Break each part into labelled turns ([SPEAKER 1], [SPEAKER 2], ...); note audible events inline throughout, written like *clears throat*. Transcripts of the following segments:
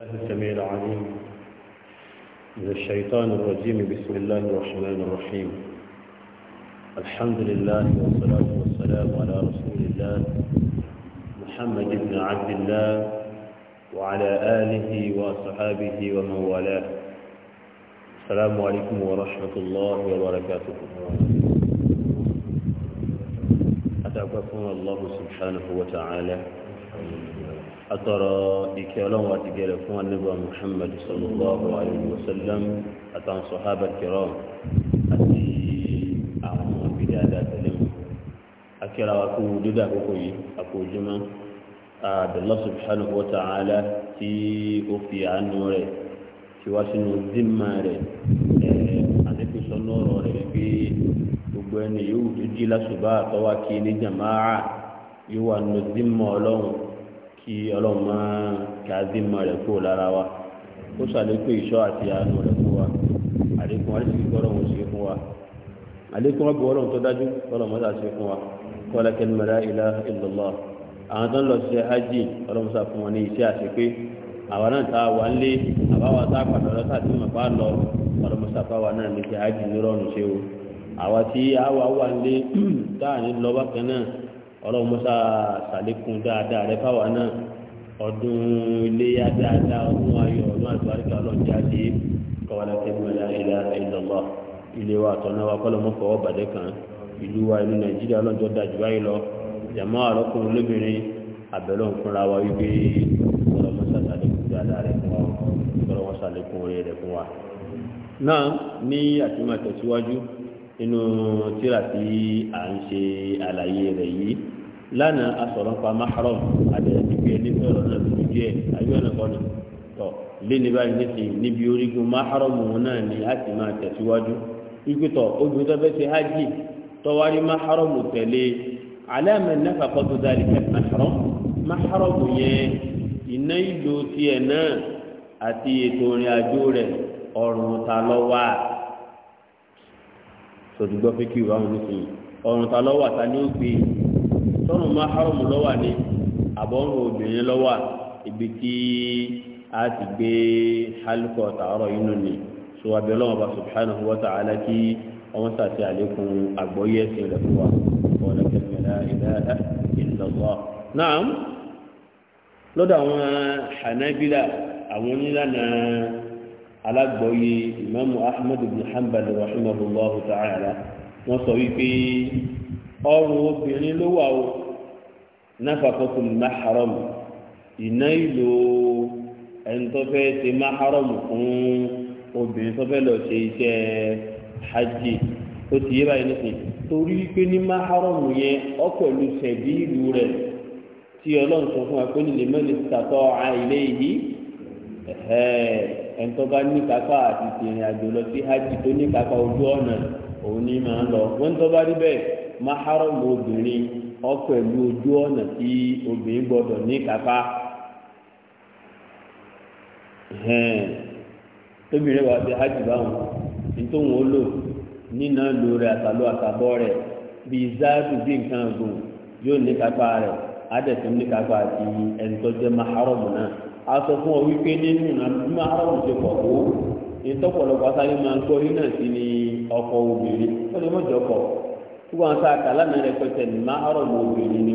[SPEAKER 1] الله السميع العليم من الشيطان الرجيم بسم الله الرحمن الرحيم الحمد لله والصلاة والسلام على رسول الله محمد بن عبد الله وعلى آله وصحابه ومن والاه السلام عليكم ورحمة الله وبركاته أتعبكم الله سبحانه وتعالى atọrọ ìkẹ́ ọlọ́run àti gẹ̀rẹ̀ fún anábọ̀ muhammad sallallahu alayhi wa sallam àtàwọn sọ̀hábà kìrọ̀ àti àwọn òbílẹ̀ adáàtẹ̀lẹ̀ mu akẹ́rọ wa kó dídá àkókò yìí àkójúmọ́ àdàlọ́ subhanahu wa ta'ala tí ó fi àánú rẹ̀ tí wá sínú zimma rẹ̀ àdẹ́kùsọ lọ́rọ̀ rẹ̀ pé gbogbo ẹni yóò tó jí lásùbà àtọ́wá kí ní yóò wà nù zimma ọlọ́run kí ọlọ́run máa kàzímọ̀ rẹ̀ kúrò lára wa ó ṣàlékún ìṣọ́ àti àánú rẹ̀ fún wa àlékún àrísìkí ọlọ́run ṣe fún wa àlékún ọgbọ̀n ọlọ́run tó dájú ọlọ́run mọ́ta ṣe fún wa kọ́lá kẹ́lìmọ́lá ilá ìlọ́lọ́ àwọn tó ń lọ sí hajj ọlọ́run sá fún wọn ní iṣẹ́ àṣepé àwa náà tá wà ń lé àbáwá tá a pàdé ọlọ́tà tí mo bá lọ ọlọ́run sá fáwa náà ní *clears throat* ọlọ́run mọ́sá sàlékún dáadáa rẹ fáwa náà ọdún iléyà dáadáa ọdún ayọ̀ ọdún àgbáríkà ọlọ́run jáde kọ́wálá tẹ́gbẹ̀lá ilẹ̀ ìlọ́lọ́ ilé wa àtọ̀nà wa kọ́lọ́ mọ́ fọwọ́ bàdé kan ìlú wa ìlú nàìjíríà ọlọ́jọ́ dájú báyìí lọ jàmọ́ àlọ́kùnrin lóbìnrin àbẹ̀lọ́ fúnra wa wípé ọlọ́run mọ́sá sàlékún dáadáa rẹ fún wa ọlọ́run mọ́sá sàlékún orí rẹ nínú tíra tí à ń ṣe àlàyé rẹ̀ yìí lánàá asọ̀rọ̀ pa mahram àdẹ̀dẹ̀gbẹ̀ níbi ọ̀rọ̀ náà tó jẹ́ ayé ọ̀nà kan tọ̀ léni báyìí nísìnyí níbi orígun mahram náà ni a sì máa tẹ̀síwájú ìgbìtọ̀ obìnrin tó fẹ́ ṣe hajj tọ́wárí mahram tẹ̀lé aláàmì náfà kọ́tù dárí kẹ́ mahram mahram yẹn iná ìlú tiẹ̀ náà àti ètò ìrìn rẹ̀ ọ̀rùn ta lọ́wọ́ à sọdùgbọ́ fẹ́ kí ìwà wọn nìkan ọ̀rùn ta lọ́wọ́ àta ní ògbé sọ́run máa hárọ̀mù lọ́wọ́ ni àbọ̀rùn obìnrin lọ́wọ́ ibi tí a ti gbé hálùkọ̀ tààrọ̀ inú ni so abẹ́ ọlọ́wọ́ bá subhanahu wa ta'ala kí wọ́n sàti àlékún àgbọ́yé ẹ̀sìn rẹ̀ fún wa ọ̀nà kẹfìlà ìdáadáa ìlọ́wọ́ náà lọ́dọ̀ àwọn hànábílà àwọn onílànà alágbọ̀ọ́yé ìmáàmù ahmed bin hanbal rahimahullah ta'ala wọ́n sọ wípé ọrùn obìnrin ló wà o náfàkọ́kùn maharam ìná ìlò ẹni tó fẹ́ ṣe maharam fún obìnrin tó fẹ́ lọ ṣe iṣẹ́ hajj ó ti yé báyìí nìkan torí wípé ní maharam yẹn ọ pẹ̀lú ṣẹ̀bí ìlú rẹ̀ tí ọlọ́run sọ fún wa pé nílẹ̀ mẹ́lẹ̀ sàtọ́ àìlẹ́ yìí ẹ̀ńtọ́ ní kápá àti tìrìn àjò lọ sí hajj tó ní kápá ojú ọ̀nà òun ní lọ wọ́n tó bá rí bẹ́ẹ̀ máhárọ̀mù obìnrin ọ pẹ̀lú ojú ọ̀nà tí obìnrin gbọ́dọ̀ ní kápá tóbìnrin wà sí hajj báwọn nítòhún ó lò nínà lò bíi záàdù bíi nǹkan yóò ní kápá á dẹ̀ tún ní kápá àti náà. a fún ọ wípé nínú ìrìnàmọ́ aráàlú pọ̀ ìtọ́pọ̀lọpọ̀ asáré máa ń gbọ́ yín náà sí ni ọkọ̀ obìnrin ó lè mọ̀jọ pọ̀ kí wọ́n sá kàlánà pẹ̀tẹ̀ ní obìnrin ni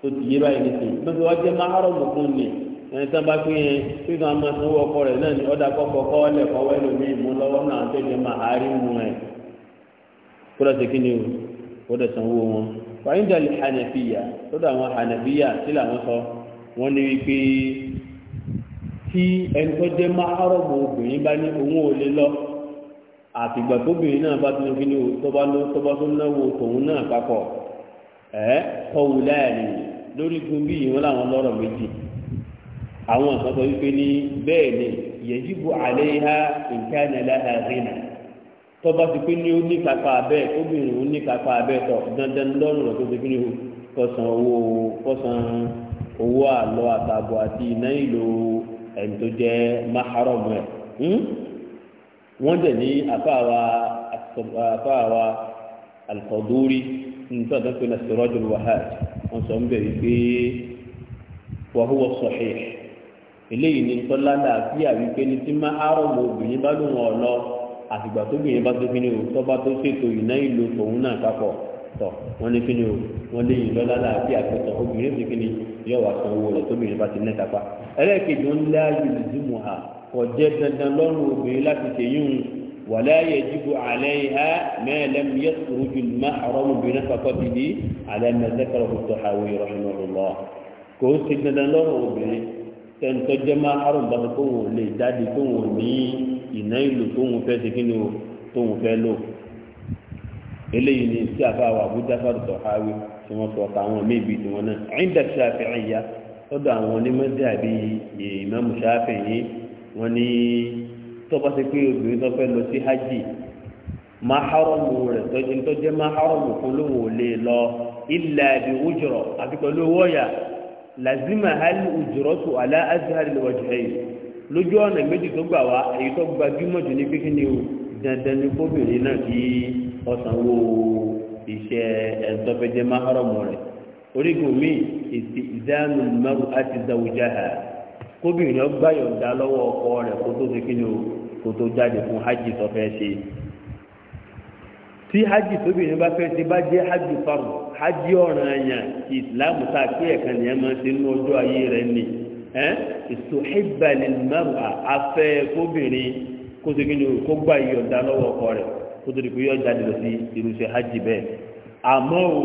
[SPEAKER 1] tó ti yé báyìí nìkan jẹ́ fún ni ẹni tí bá ọkọ náà ni náà tó mu wọ́n ní wípé tí ẹni tó jẹ́ máhárọ̀mù obìnrin bá ní òun ò lè lọ àtìgbà tóbìnrin náà bá ti ní kí ni tọ́ba ló tọ́ba tó náwó tòun náà papọ̀ ẹ̀ kọ́wù láàrin lórí gbogbo yìí wọ́n lọ́rọ̀ méjì àwọn kan sọ wípé ní bẹ́ẹ̀ ni yẹ̀jìbù àlẹ́ ha nǹkan ẹ̀láha rìnà tọ́ba ti pé ní ó ní kápá abẹ́ obìnrin ó ní kápá abẹ́ tọ̀ dandan lọ́rùn rẹ̀ ti fi ní kọ́sàn owó kọ́sàn owó àlọ àtàbọ̀ àti iná ìlò ẹni tó jẹ́ maharam ẹ̀ hmm? wọ́n dẹ̀ ní àfáàwà alfọ̀dúrí nítorí àti pé sọ ń bẹ̀rẹ̀ pé wàhúwọ̀ sọ̀hìn eléyìí ni tọ́lá làáfíà wípé ní tí maharam obìnrin bá lóun ọ̀lọ́ àtìgbà tóbìnrin bá tó fi ní òótọ́ bá tó ṣètò tọ̀ wọ́n ní kí ni o wọ́n lé yìí lọ́lá láàbí àpẹtọ̀ obìnrin ti kí ni yọ wà san owó rẹ̀ tóbi ìrìnbá ti ní kápá ẹlẹ́ẹ̀kejì wọn lé ayé ìdìmọ̀ ha kò jẹ́ dandan lọ́rùn obìnrin láti ṣèyún wà láyé ìdìbò alẹ́ ha mẹ́ẹ̀lẹ́m yẹ kúrú ju má àrọ́mù obìnrin fakọ́ ti di alẹ́ mẹ́sẹ́kọ̀rọ̀ kò tó àwọn ìrọ̀lọ́ kò sí dandan lọ́rùn obìnrin tẹ̀ǹtọ́ jẹ́ má àrùn bàbá kó wọn lè jáde kó wọn ní ìná ìlú kó fẹ́ ṣe kí ni o tó wọn fẹ́ lò eléyìí ni sí àfáwà abújáfàrù tọ̀háwí tí wọ́n sọ táwọn méjì tí wọ́n náà ẹ̀ńdà ṣàfihànyà lọ́dọ̀ àwọn onímọ̀dé àbí ìmáàmù ṣàfihàn wọn ni tọ́ba ti pé obìnrin tó fẹ́ lọ sí hajj maharamu rẹ̀ tọ́jú tó jẹ́ maharamu fún lóun ò lè lọ ilẹ̀ àbí ojúrọ̀ àti pẹ̀lú owó ọ̀yà hali ojúrọ̀ tó alá azhar lọ́jọ́ yìí lójú ọ̀nà méjì tó gbà wá èyí tó gbajúmọ̀ jù ní pínpín ni dandan ni kóbìnrin náà kìí ọ̀sánwó iṣẹ́ ẹ̀ńtọ́fẹ́jẹ́ máhárọ̀mù rẹ̀ orígun mi ìsì ìdánù mẹ́rù àti zawùjá ha kóbìnrin náà gbáyọ̀ dá lọ́wọ́ ọkọ rẹ̀ kó tó ṣe kí ni o kó tó jáde fún hajj tó fẹ́ ṣe tí hajj tóbìnrin bá fẹ́ ṣe bá jẹ́ hajj faru hajj ọ̀ràn àyàn ìsìláàmù tá a pé ẹ̀kan nìyẹn máa ṣe nínú ọjọ́ ayé rẹ̀ ni ìsòhìbàlì mẹ́wàá afẹ́ kóbìnrin kó ṣe kí kó gbà yọ̀ǹda lọ́wọ́ ọkọ rẹ̀ kótó di pé yọ jáde lọ sí irúṣẹ́ hajj bẹ́ẹ̀ àmọ́ o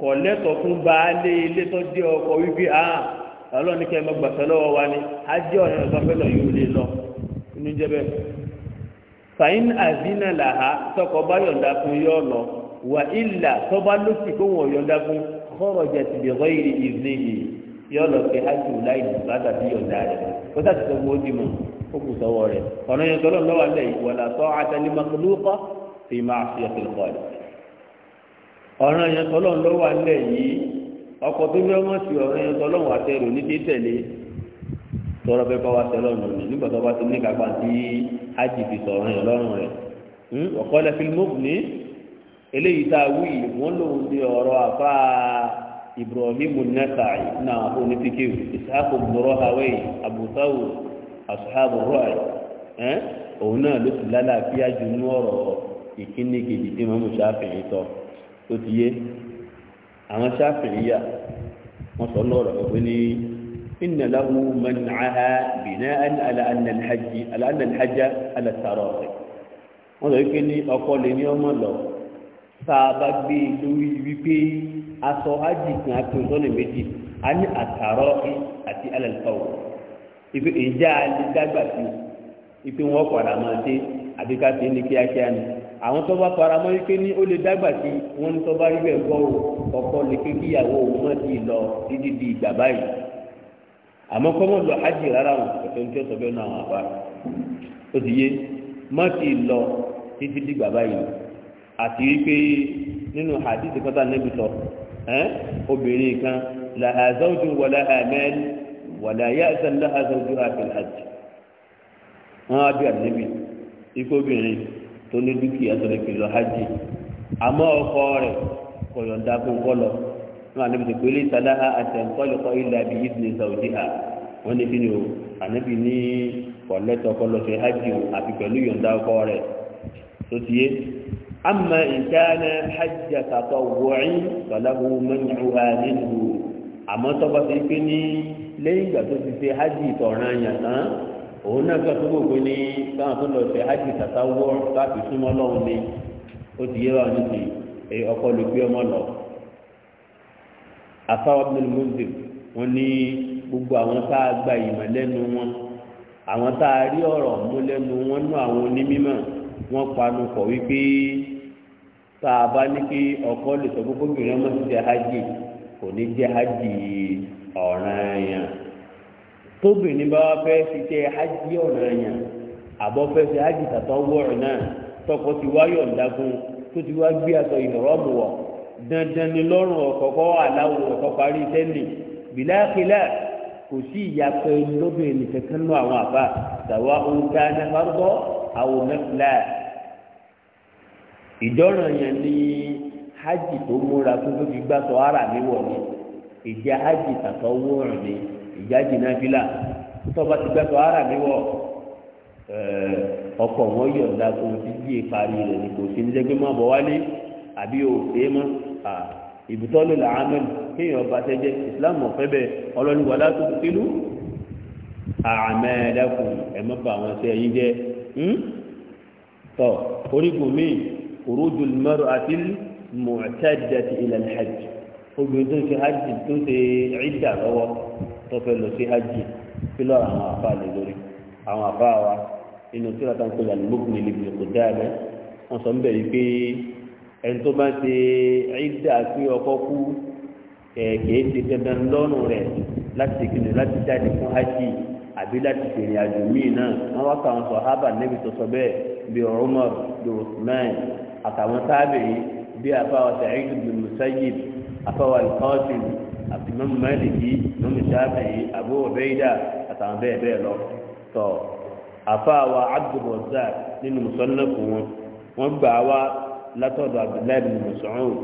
[SPEAKER 1] kọ̀ lẹ́tọ̀ fún baálé ilé tó dé ọkọ̀ wípé a ah, ọlọ́run ní kẹ́mi gbàtọ́ lọ́wọ́ wa ni hajj ọ̀rẹ́ ọ̀gá fẹ́ lọ yóò lè lọ inú jẹ́ bẹ́ẹ̀. fàyín àzínà làhá tọkọ bá yọ̀ǹda fún yọ lọ wà ilà tó bá kó wọn yọ̀ǹda fún kọ́rọ̀ jẹ ti bẹ̀rọ ìrì yìí yọ lọ sí hajj láì bàtà sí yọ̀ǹda rẹ̀ kó sàtìsọ́ wọ́n dì mọ́ ó kù ọ̀nà yẹn tọ́lọ́ fi máa fi ẹsẹ̀ lọ́wọ́ rẹ̀. ọ̀ràn yẹn ló wà nílẹ̀ yìí ọkọ̀ tó fẹ́ sí wà ní fẹ́ bá hmm, wa eh, ti a ti ibrahim nasai náà àbò ní fíkìw hawaii abutawu ìkíní kejì tí mọ́mú ṣáfìrí tọ́ tó ti yé àwọn ṣáfìrí yà wọ́n sọ lọ́rọ̀ pé ní inna lahu man'aha bina'an ala anna al-hajj ala anna al-hajj ala tarasi wọ́n sọ pé ní ọkọ lè ní ọmọ lọ tá gbé e lórí wípé aṣọ hajj kan àti òṣọ́nà méjì a ní àtàrọ́ àti alàlùfáwò ibi ìjà alẹ́ dágbà sí ibi padà máa dé àbíká sí ní kíákíá ni àwọn tó bá faramọ́ wípé ní ó lè dágbà sí wọn ní tó bá rí bẹ́ẹ̀ gbọ́ o ọkọ lè ké kí ìyàwó òun náà ti lọ títí di ìgbà báyìí àmọ́ kọ́mọ̀ lọ ájì rárá wọn ẹ̀fẹ́ ní tí ó sọ bẹ́ẹ̀ náà àwọn àbá ó ti yé má ti lọ títí di ìgbà báyìí àti wípé nínú àdìsí kọ́tà níbi sọ obìnrin kan là àzọ́jú wọlé àmẹ́l wọlé ayé àzọ́jú àfẹ́lẹ́ àjì wọn á bí àdìsí ikú obìnrin tó ní dúkìá tó lè fi lọ hajj àmọ́ ọkọ rẹ̀ kò yọ̀ǹda kó kọ́ lọ wọn àná bìtẹ̀ pélé sàdáhà àbí ìdílé saudi ha wọ́n ní o ànábì ní ọkọ lọ hajj o àti ọkọ tó ti yé ama hajj ha nínú àmọ́ tọ́ba ti pé ní lẹ́yìn ìgbà tó ti ṣe hajj òun náà gbà tó gbogbo ní káwọn tó lọ sí hajj tata wọ káàpì súnmọ́ lọ́wọ́ ni ó ti yé wa níbi ọkọ ló gbé ọmọ lọ. afáwọn bíi mọ́ndé wọn ní gbogbo àwọn tá a gba ìmọ̀ lẹ́nu wọn àwọn tá a rí ọ̀rọ̀ mú lẹ́nu wọn nú àwọn onímọ̀ wọn panu kọ̀ wípé tá a bá ní kí ọkọ lè sọ gbogbo gbìyànjú ọmọ ti jẹ hajj kò ní jẹ hajj ọ̀ràn yẹn tóbìnrin bá wá fẹ́ fi tẹ ájí ọ̀nà yẹn àbọ̀ fẹ́ fi ájí tàtọ́ wọ̀rọ̀ náà tọkọ ti wáyọ̀ ǹdàgún tó ti wá gbé aṣọ ìrọ̀rọ̀mù wọ̀ dandan ni lọ́rùn ọ̀kọ̀kọ́ aláwọ̀ ọ̀kọ̀ parí tẹ́lẹ̀ bìláàkìlá kò sí ìyàpẹ́ lóbìnrin kankan nù àwọn àbá tàwa òǹkà nàfàgbọ́ àwọn mẹ́fìlá ìjọ́ràn yẹn ní ájí tó múra tó fi gbàtọ̀ ara mi wọ̀ ni ìjà ájí tàtọ́ wọ̀rọ̀ ni ìjáde náà fi là tọ́ba ti gbẹ́tọ̀ ara mi wọ̀ ọkọ̀ wọn yọ̀ǹda tó ti gbé parí rẹ̀ ní kò sí ní sẹ́gbẹ́ máa bọ̀ wálé àbí o ṣe é mọ́ ìbùtọ́lù làámẹ́lì kéèyàn ọba tẹ́jẹ́ islam ọ̀fẹ́ bẹ́ẹ̀ ọlọ́ni wàlá tó ti kílù àmẹ́ẹ̀dẹ́kùn ẹ̀mọ́ bá wọn ṣe ẹ̀yìn jẹ́ hmm? tọ́ orígun míì kòrójú mẹ́rọ àti mọ̀ọ́tẹ́dẹ́tì ilẹ̀ hajj obìnrin tó ń ṣe hajj tó ń ṣe ìdà lọ́wọ́ tó fẹ́ lọ sí hajj kí lọ́rọ̀ àwọn àfa lè lórí àwọn àfa wa inú tí wọ́n ta ń pè lálẹ́ mọ́kùnrin níbi ìkò dáadẹ́ wọ́n sọ ń bẹ̀ yìí pé ẹni tó bá ṣe ẹ̀dá pé ọkọ kú kèé ṣe dandan lọ́rùn rẹ̀ láti kìnnì láti jáde fún hajj àbí láti fèrè àjò míì náà wọ́n wá káwọn sọ hábà níbi tó sọ bẹ́ẹ̀ bí ọ̀rọ̀mọ̀ bí osman àtàwọn sábẹ̀ yìí bí afáwọ̀ sàyẹ́dùbùn musayib afáwọ̀ alkọ́sìn àti mọ́mú mẹ́lìkì mọ́mú sáfẹ̀yì àbú ọ̀bẹ́yìdà àtàwọn bẹ́ẹ̀ bẹ́ẹ̀ lọ tọ́ àfáàwà abdulbọ̀sá nínú mùsọ́lẹ́kù wọn wọ́n gbà wá látọ̀dọ̀ abdullahi bin musaud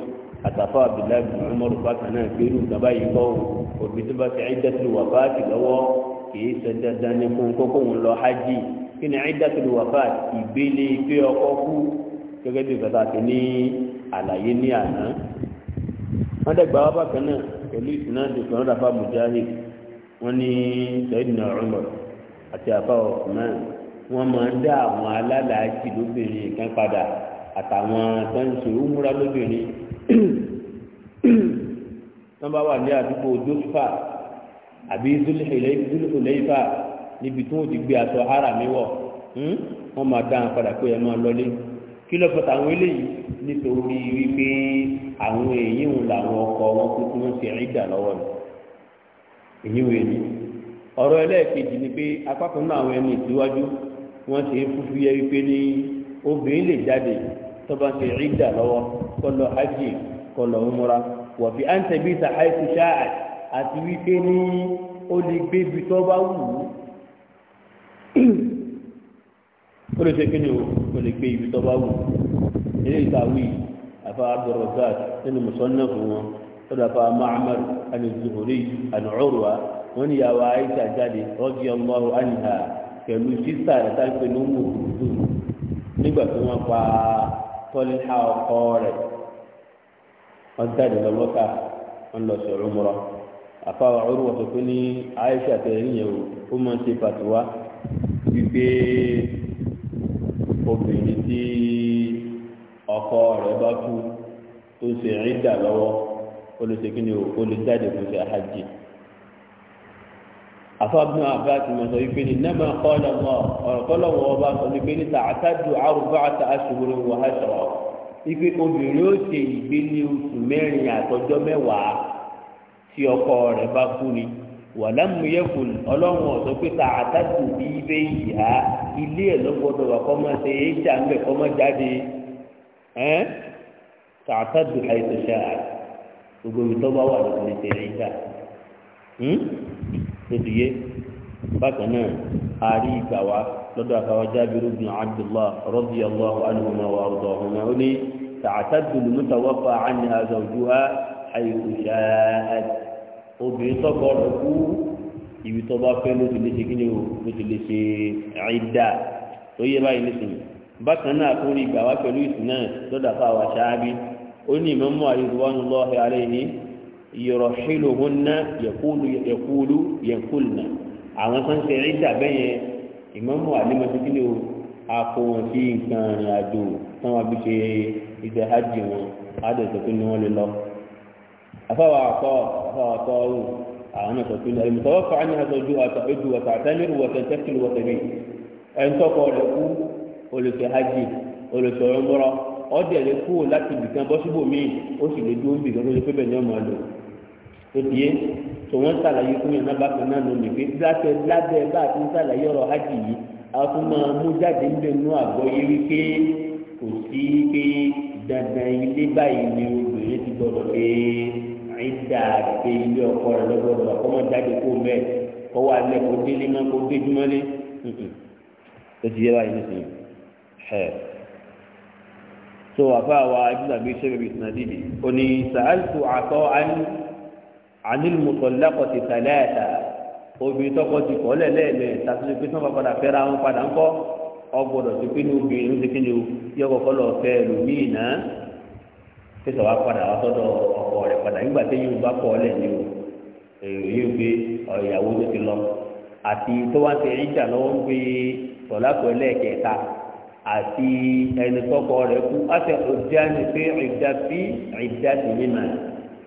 [SPEAKER 1] àtàfà abdullahi bin umar bákan náà pé irú gaba yìí kọ́ òbí tó bá ti ẹ̀dẹ́tìlú wàfáàtì lọ́wọ́ kìí ṣe dandan ní fún kókó ń lọ hajj kí ni ẹ̀dẹ́tìlú wàfáàtì ìgbélé pé ọkọ pẹ̀lú ìsinádìí kan rà fáwọn mujahid wọn ní sẹ́yìn ọ̀rọ̀ àti àfáwọ̀ ọ̀kùnrin wọn máa ń dá àwọn alálàájì lóbìnrin kan padà àtàwọn tó ń ṣe òmùra lóbìnrin wọn bá wà ní àdúgbò jósùfà àbí zulhulaifa níbi tí wọn ti gbé aṣọ hárà mi wọ hmm? wọn máa dá wọn padà pé ẹ máa lọlé. kí ló fọ tàwọn eléyìí nítorí wípé àwọn ń ọkọ wọn kú tí wọn ti rí dà èyí wò ni ọ̀rọ̀ ni pé apákan náà àwọn ẹni wọn ti fúfú yẹ wípé ní obìnrin lè jáde tó bá ti rí dà lọ́wọ́ kó lọ hajj kó lọ múra tó ṣáà àti wípé ní ó lè ṣe kí ni o lè gbé ibi tó bá wù ilé ìtàwí afa abdulrasaq nínú musonna fún wọn sọdọ afa mahamad ani zuhuri ani ọrùwa wọn ni yàwá aisha jáde rọgì ọlọrun anìhà pẹlú sísà rẹ táìpé ní ọmọ òkútù nígbà tí wọn pa tọ́líhà ọkọ rẹ wọn jáde lọ lọ́ka wọn lọ sọ̀rọ̀ mọ́ra afa ọrùwa sọ pé ní aisha tẹ̀lé yẹn o ó máa ń ṣe fàtiwá wípé obìnrin tí ọkọ rẹ̀ bá kú tó ṣe ìdà lọ́wọ́ ó lè ṣe kí ni ó lè jáde kó ṣe hajj afábínú àbá ti mọ̀ sọ wípé ní nàmà kọ́lá mọ́ ọ̀rọ̀ ọba sọ wípé ní tààtàdù àrùbá àti aṣòwòrò wọn obìnrin ó ṣe ìgbé oṣù mẹ́rin àtọjọ́ mẹ́wàá tí ọkọ rẹ̀ bá kú ni wàlámù yẹkùn ọlọ́run ọ̀sọ́ pé ta àtàtù bí ibé yìí ha ilé ẹ̀ lọ́gbọ́dọ̀ wà kọ́ máa ṣe é jà ń bẹ̀ kọ́ máa jáde ẹ́n ta àtàtù àìsàn ṣáà gbogbo ibi tó bá wà lọ́dún ní tẹ̀lé ìjà lóṣù hm? yé bákan náà a ìgbà wa lọ́dọ̀ àfàwọ́ jábìrú bin abdullah rọ́bì allah alhùnmá wa rọ̀dọ̀ ọ̀húnmá ó ní ta àtàtù lùmúta wọ́pà obìnrin tọkọ rẹ̀ kú ibi tó bá fẹ́ ló ti lè ṣe kí ni o ló ti lè ṣe àìdá tó yẹ báyìí nísìnyí bákan náà tó rí ìgbà wá pẹ̀lú ìsìn náà lọ́dà fún àwọn aṣáábí ó ní ìmọ̀mú àríwánu lọ́ọ̀hẹ́ alẹ́ ní yọ̀rọ̀ṣílò hún ná yẹ̀kúlù yẹ̀kúlù náà àwọn tó ń ṣe àìdá bẹ́yẹn ìmọ̀mú àlímọ̀tí kí ni o akó wọn sí nǹkan àjò táwọn abíṣe ìdẹ́hájì wọn á dẹ̀ tó kí ni wọ́n lè lọ́ọ́ afáwà àpọ̀ afáwà àpọ̀ ọ̀hún àwọn náà sọ̀tún ní ẹ̀lùmọ̀tọ́wọ́ fún àyìn àtọ́jú àtọ́jú wọ̀tàtẹ́lẹ̀rù wọ̀tẹ̀tẹ́kìlì wọ̀tẹ̀bí ẹ̀ńtọ́kọ rẹ̀ kú olùfẹ́ hajj olùfẹ́ ọmọrọ ọ̀dẹ̀ rẹ̀ kú láti ibìkan bọ́ síbò míì ó sì lè dúró bìkan tó ṣe pé bẹ́ẹ̀ ni ọmọ lò tó ti yé tó wọ́n ṣàlàyé fún yẹn náà bákan náà ló lè pé láti lábẹ́ bá a ti ń ṣàlàyé ọ̀rọ̀ hajj yìí a tún máa mú jáde níbẹ̀ nú àgọ́ yé wípé kò sí pé dandan ilé báyìí ni obìnrin ti gbọ́dọ̀ pé ìdá àti ilé ọkọ rẹ lọ́gbọ̀dọ̀ ọmọ jáde kó mẹ́ kó wà lẹ́ kó délé má kó dé jumọ́lé tó ti yẹ báyìí nísìnyí ẹ̀ so àfa wa ibùdó àbí sẹ́bẹ̀bì sinadìdì ó ní sàálùtù àtọ́ ànílùmùtọ̀lẹ́kọ̀tì tàlẹ́ẹ̀ta obìnrin tọkọ ti kọ́ lẹ́lẹ́ẹ̀lẹ́ tàbí pé sọ́n padà fẹ́ra wọn padà ń kọ́ ọgbọ́dọ̀ ti pé ní obìnrin ti kí ni yọkọ̀kọ́ lọ fẹ́ lòmíì náà pèsè wa padà wá sọ́dọ̀ ọkọ rẹ̀ padà nígbà tí yóò bá kọ́ lẹ̀ ní o èyí ò gbé ìyàwó tó ti lọ àti tó wá ti ríjà lọ́wọ́ ń gbé tọ̀lápọ̀ ẹlẹ́ẹ̀kẹta àti ẹni tọkọ rẹ̀ kú àti ọ̀dà ni pé ìdá bí ìdá ti ní mà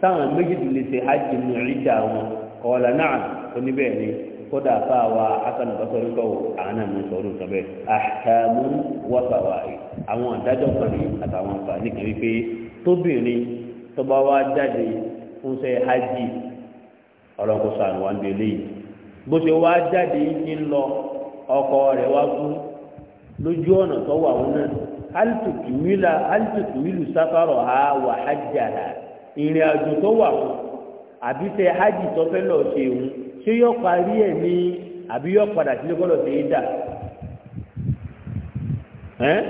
[SPEAKER 1] táwọn méjìdì lè ṣe ájì nù ríjà wọn kọ́ọ̀lá náà oníbẹ̀ ni kódà fáwa akànnàbàsọ́ríkọ̀ àwọn àmì sọ̀rọ̀ sọ̀bẹ̀ àhàmú wọ́pàwà àwọn àdájọ́ kan ní àtàwọn àǹfààní kan wípé tóbìnrin tọba wa jáde fún sẹ hajj ọlọ́kùsọ àwọn àbí eléyìí bó ṣe wá jáde yìí ń lọ ọkọ rẹ̀ wá kú lójú ọ̀nà tó wà wọn náà alitukumila alitukumilu safarọ ha wà hajj ha ìrìn àjò tó wà wọn àbí sẹ hajj tó fẹ́ lọ ṣe wọn ṣé yọ parí ẹ̀ ní àbí yọ padà sílé kọ́ lọ sí í dà ẹ́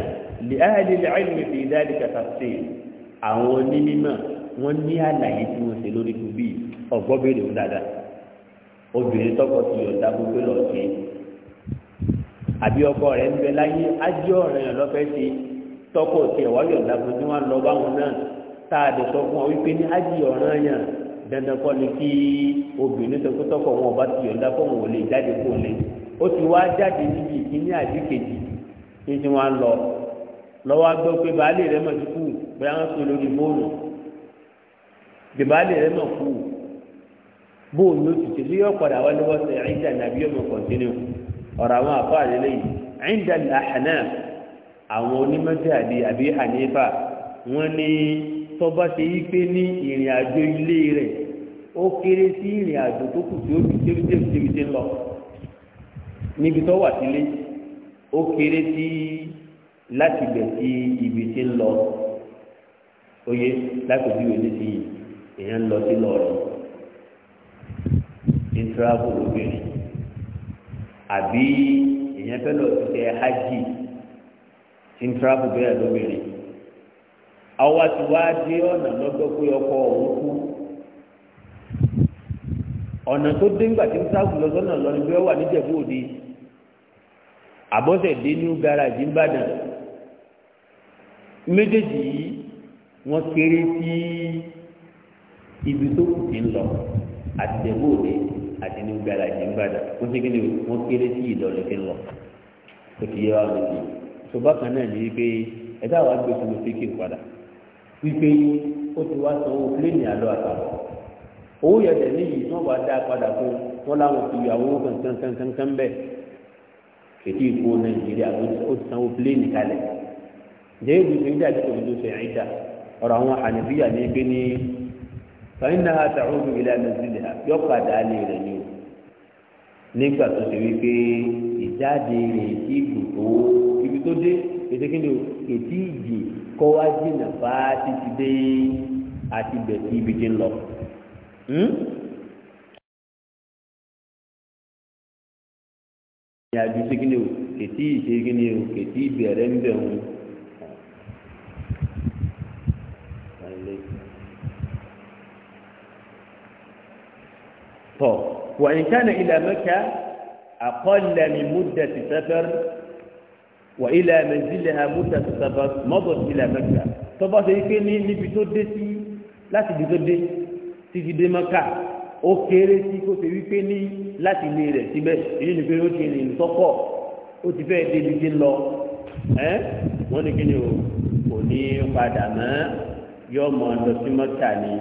[SPEAKER 1] lè áhàlì lè ẹ́ lè fi dáadé kàtà sí i àwọn onímọ̀ wọ́n ní àlàyé tí wọ́n ṣe lórí ikú bíi ọ̀gbọ́n béèrè wọn dáadáa obìnrin tọkọ ti yọ̀ǹda gbogbo lọ sí àbí ọkọ rẹ̀ ń bẹ láyé ájọ́ ọ̀rẹ́ yẹn lọ́fẹ́ ṣe tọkọ ti ẹ̀wá yọ̀ǹda gbogbo tí wọ́n lọ báwọn náà tá a dẹ̀ sọ fún ọ wípé ní ájì ọ̀rẹ́ yẹn dandan kọ́ ni kí obìnrin tọkọ tọkọ wọn ọba ti yọ̀ǹda fún wọn ò lè jáde kó lè ó ti wá jáde níbi ìkíní àdìkejì lọ́wọ́ a pé baálé rẹ̀ mọ̀ ti kú bóyá wọ́n sọ lórí fóònù bí baálé rẹ̀ mọ̀ kú bóun ló ti tẹ̀lé yọ padà wá lọ́wọ́ sẹ ẹ̀ńdà nàbí yọ mọ̀ kọ̀ntínú ọ̀rọ̀ àwọn àlélẹ́ yìí àwọn onímọ̀tẹ́ àdé àbí wọ́n ní tọ́ba ṣe yí pé ní ìrìn àjò ilé rẹ̀ ó kéré sí ìrìn àjò tó kù tó láti bẹ̀ sí ibi tí ń lọ oyè láti ojú ìwé níbi yìí èèyàn ń lọ sí lọ́ọ̀rọ̀ ní tíráàbù lóbìnrin àbí èèyàn fẹ́ lọ sí ṣe hajj tí ń tíráàbù bẹ́ẹ̀ lóbìnrin àwa ti wá dé ọ̀nà lọ́gbọ́ pé ọkọ òun kú ọ̀nà tó dé ńgbà tí ń tíráàbù lọ sọ́nà lọ ni bí wọ́n wà níjẹ̀bú òde àbọ̀sẹ̀ dé ní gáràjì ń méjèèjì yìí wọ́n kéré sí ibi tó kù ti ń lọ àtẹ̀wò rẹ̀ àti ní gbàdà jẹ́ gbàdà ó ṣe kíni wọ́n kéré sí ìdọ̀lẹ́ ti ń lọ ó ti yẹ wá lójú ṣùgbọ́n kan náà ní wípé ẹ̀dá wa gbé sínú fíkì padà wípé ó ti wá sanwó pléènì àlọ́ àtàwọn owó yẹtẹ̀ níyì tí wọ́n bá dá padà fún wọn láwọn fi àwọn owó kankan kankan bẹ́ẹ̀ kìtì ìkó nàìjíríà ó ti sanwó pléènì kalẹ̀ jẹ́yẹ́dù ṣe ń dà ní tòun tó ṣe àìdá ọ̀rọ̀ àwọn ànàbíyà ní ní àtàwọn rẹ̀ ni o nígbà tó ṣe wípé ìjáde rẹ̀ sí ibi tó dé o ètí ìjì kọ́ wá jìnnà bá ibi tí ń lọ. ìyàjú ṣe kí ni o kètí ìṣe kí ni o kètí ìbẹ̀rẹ̀ ń bẹ̀ tọ̀ wọ̀nyí kánà ilẹ̀ mẹ́ka àkọ́lẹ̀mí múdà ti sẹ́fẹ́r wọ ilẹ̀ mẹ́zílẹ̀ ha múdà ti sẹ́fẹ́r mọ́bọ̀ ilẹ̀ mẹ́ka tọ́ba ṣe ike ní níbi tó dé sí láti ibi tó dé sí fi dé mẹ́ka ó kéré sí kó ṣe wípé ní láti ilé rẹ̀ síbẹ̀ èyí ni pé ó ti rìn sọ́kọ̀ ó ti fẹ́ débi dé lọ ẹ́ wọ́n ní kí ni o kò ní padà mọ́ yọ ọmọ sí mẹ́ka ni.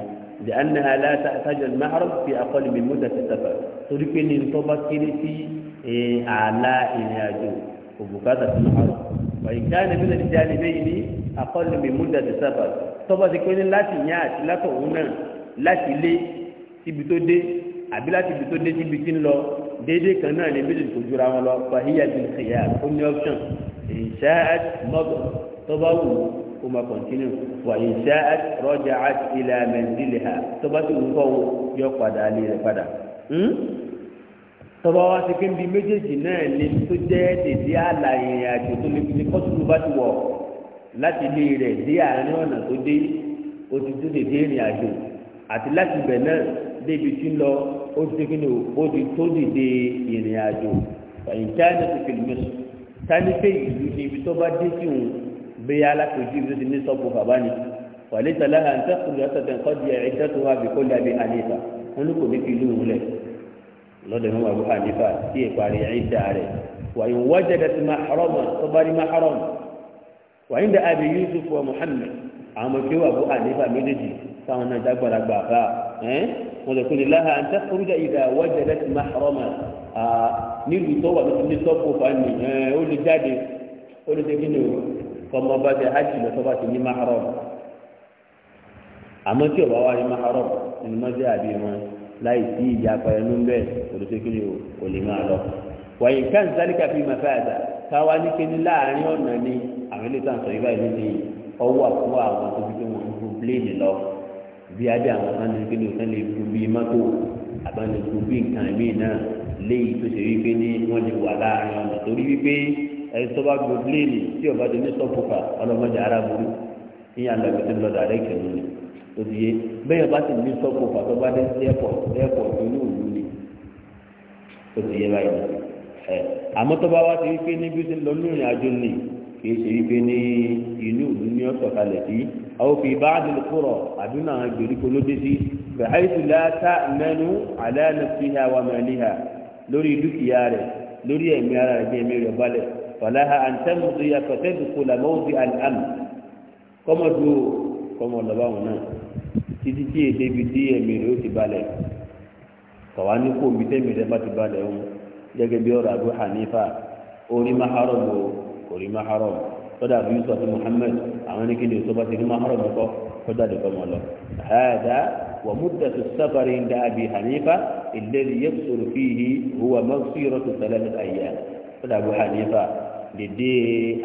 [SPEAKER 1] لأنها لا تحتاج المحرم في أقل من مدة السفر تركني انطبق كنتي على إنهاجه وبكاته المحرم وإن كان من الجانبين أقل من مدة السفر طبعا تكوني لا تنياش لا تؤمن لا تلي تبتدي àbí láti ibi tó dé síbi tí ń lọ déédéé kan náà ní méjèèjì kò jura wọn lọ fàhíyà bíi ó máa kọ̀ntínú wà ìṣá rọ́jà àti ilẹ̀ àmẹ́ndílé ha tó bá ti wùkọ́ wo yọ padà lé rẹ̀ padà. tọ́ba wa ti kébi méjèèjì náà ni tó jẹ́ dèdé àlà ìrìn àjò tó lè fi ní kọ́tùkù bá ti wọ̀ láti lé rẹ̀ dé àárín ọ̀nà tó dé o ti tó dèdé àti láti bẹ̀ náà débi tí ń lọ ó ti o ti tó dèdè ìrìn àjò ìṣá ẹni tó fi lè mẹ́sàn-án tánífẹ́ ìlú ni ibi dé sí òun bóyá alákòjú ìlú ti ní sọ́ọ̀bù bàbá ni wàlẹ́ tẹ̀lé àǹtẹ́ kùnú ọ̀sẹ̀ kọ́ di ẹ̀ṣẹ́ tó wà bíkó lábẹ́ àlefa wọn ní kò ní fi lóhùn lẹ̀ lọ́dọ̀ ní wàlú àlefa tí ìparí ẹ̀ṣẹ́ rẹ̀ wàyí wọ́jẹ̀ dẹ̀sí maharam tó bá ní maharam wàyí dẹ̀ abi yusuf wa muhammed àwọn ọmọ kéwà bó àlefa méjèèjì táwọn náà dágbára gbà kọ́mọ bá ti hajj lọ tó bá ti ní maharam àmọ́ tí ọba wa ní maharam nínú mọ́tí àbí wọn láì sí ìyá apẹ̀rẹ̀nú bẹ́ẹ̀ olùsèkìlì kò lè máa lọ. wàyí ká nzálíkà fi máa fẹ́ àdá káwa ní kíní láàrin ọ̀nà ni àwọn ilé ìtàn sọ ìbáyìí níbi ọwọ́ àkúwà àwọn tó fi wọn ń gun pléènì lọ bí adé àwọn kan ní kíní òkan lè gun bíi mọ́tò àbánigun bíi nǹkan míì náà léyìí tó ṣe wípé ní wọ́n lè wà láàrin ọ̀nà torí wípé ẹ̀yìn gbogbo bá gbé si tí ọba di ní sọ́pùpà ọlọ́mọdé ara burú ìyá lọ́gbẹ̀ tó lọ́dọ̀ ni òdìyẹ bẹ́ẹ̀ bá ti ní sọ́pùpà tó dé sí ẹ̀pọ̀ ẹ̀pọ̀ tó ní ni òdìyẹ báyìí ẹ̀ àmọ́ tó wá ti wípé ní bí ó ti àjò ni kìí ṣe wípé ní inú ọ̀sọ̀ kalẹ̀ sí àwọn bá lórí ẹ̀mí ara rẹ̀ ẹ̀mí fàlàhà àǹtẹ̀mùtò yà fẹ̀tẹ̀dùkú làmọ́ọ̀dì àlàmù kọ́mọdù kọ́mọlọ́bà wọn náà títí tí èdè ibi tí ẹ̀mí rẹ̀ ó ti balẹ̀ kọ̀wá ní kó omi tẹ́mi rẹ̀ bá ti balẹ̀ ń gẹ́gẹ́ bí ọ̀rọ̀ àbú hanifa orí maharam o orí maharam tọ́da àbú yusuf muhammed àwọn ní kí ni ìsọba ti ní maharam kọ́ tọ́da àdìkọ́ mọ́ lọ. àyàdá wà múdàtú sábàrin dàbí hanifa ìlẹ́rìí yẹ́ sọ̀rọ̀ fíìhì hùwà mọ́sírọ̀ tó kódà bó hanifa dèdè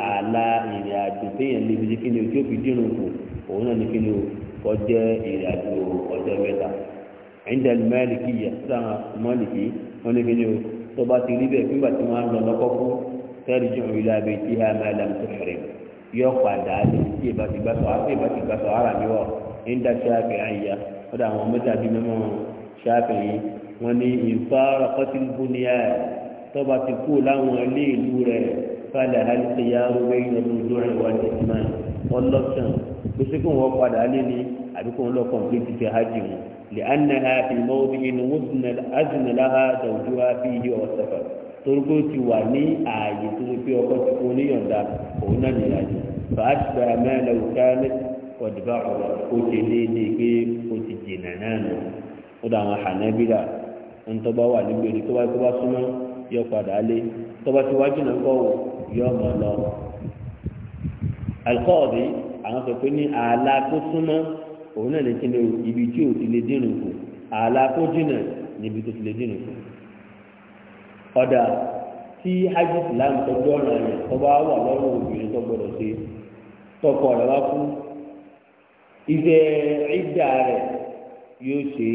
[SPEAKER 1] ààlà ìrìn àjò téèyàn lè fi kí ni ojú òbí dìrùn kù òun náà ní kí ni o ọjọ́ ìrìn àjò ọjọ́ mẹ́ta ẹ̀ńdà mẹ́lìkì yẹ kódà mọ́lìkì wọn ní kí ni o tó bá ti rí bẹ́ẹ̀ nígbà tí wọ́n á lọ lọ́kọ́ fún tẹ́rì jù ìlú abẹ́ tí a máa làm tó fẹ̀rẹ̀ yọ padà lè tí ìbá ti gbà sọ àti ìbá ti gbà sọ ara mi wọ̀ ẹ̀ńdà ṣáàpì àyà kódà àwọn mẹ́ta bí mẹ́mọ́ ṣáàpì yìí wọ́n ní ìfárọ̀kọ́sí tọba ti kú láwọn ilé ìlú rẹ falẹ àlùkìyà rúbẹ ìyẹnu lórí ìwádìí ìmọ ọlọsàn gbèsè kó wọn padà alẹ ni a kó wọn lọ kọmpléètì ha hajj wọn lè ha ha ìmọ̀wé inú azùnàlá ha dàwùjú ha fi yí ọ̀sẹ̀fà torúkọ ti wà ní ààyè tó fi ọkọ ti fún níyọ̀ǹda òun náà nìyà jù fàásùgbà mẹ́lẹ̀ òkàlẹ̀ ọ̀dùbà ọ̀rọ̀ ó ti déédéé pé ó ti jìnnà náà nù ó dà ha yọ padà lé tọba tí wájú náà kọ́ wò yọ mọ̀ lọ. alikọ́ọ̀dì àwọn sọ pé ní ààlà tó súnmọ́ òun náà lè ti lè ibi tí ò ti lè dínú kù ààlà tó jìnà níbi tó ti lè dínú kù. ọ̀dà tí hajj islam tọjú ọ̀ràn rẹ̀ tọba wà lọ́rùn obìnrin tó gbọdọ̀ ṣe tọkọ rẹ̀ wá kú ìfẹ́ ìdá rẹ̀ yóò ṣe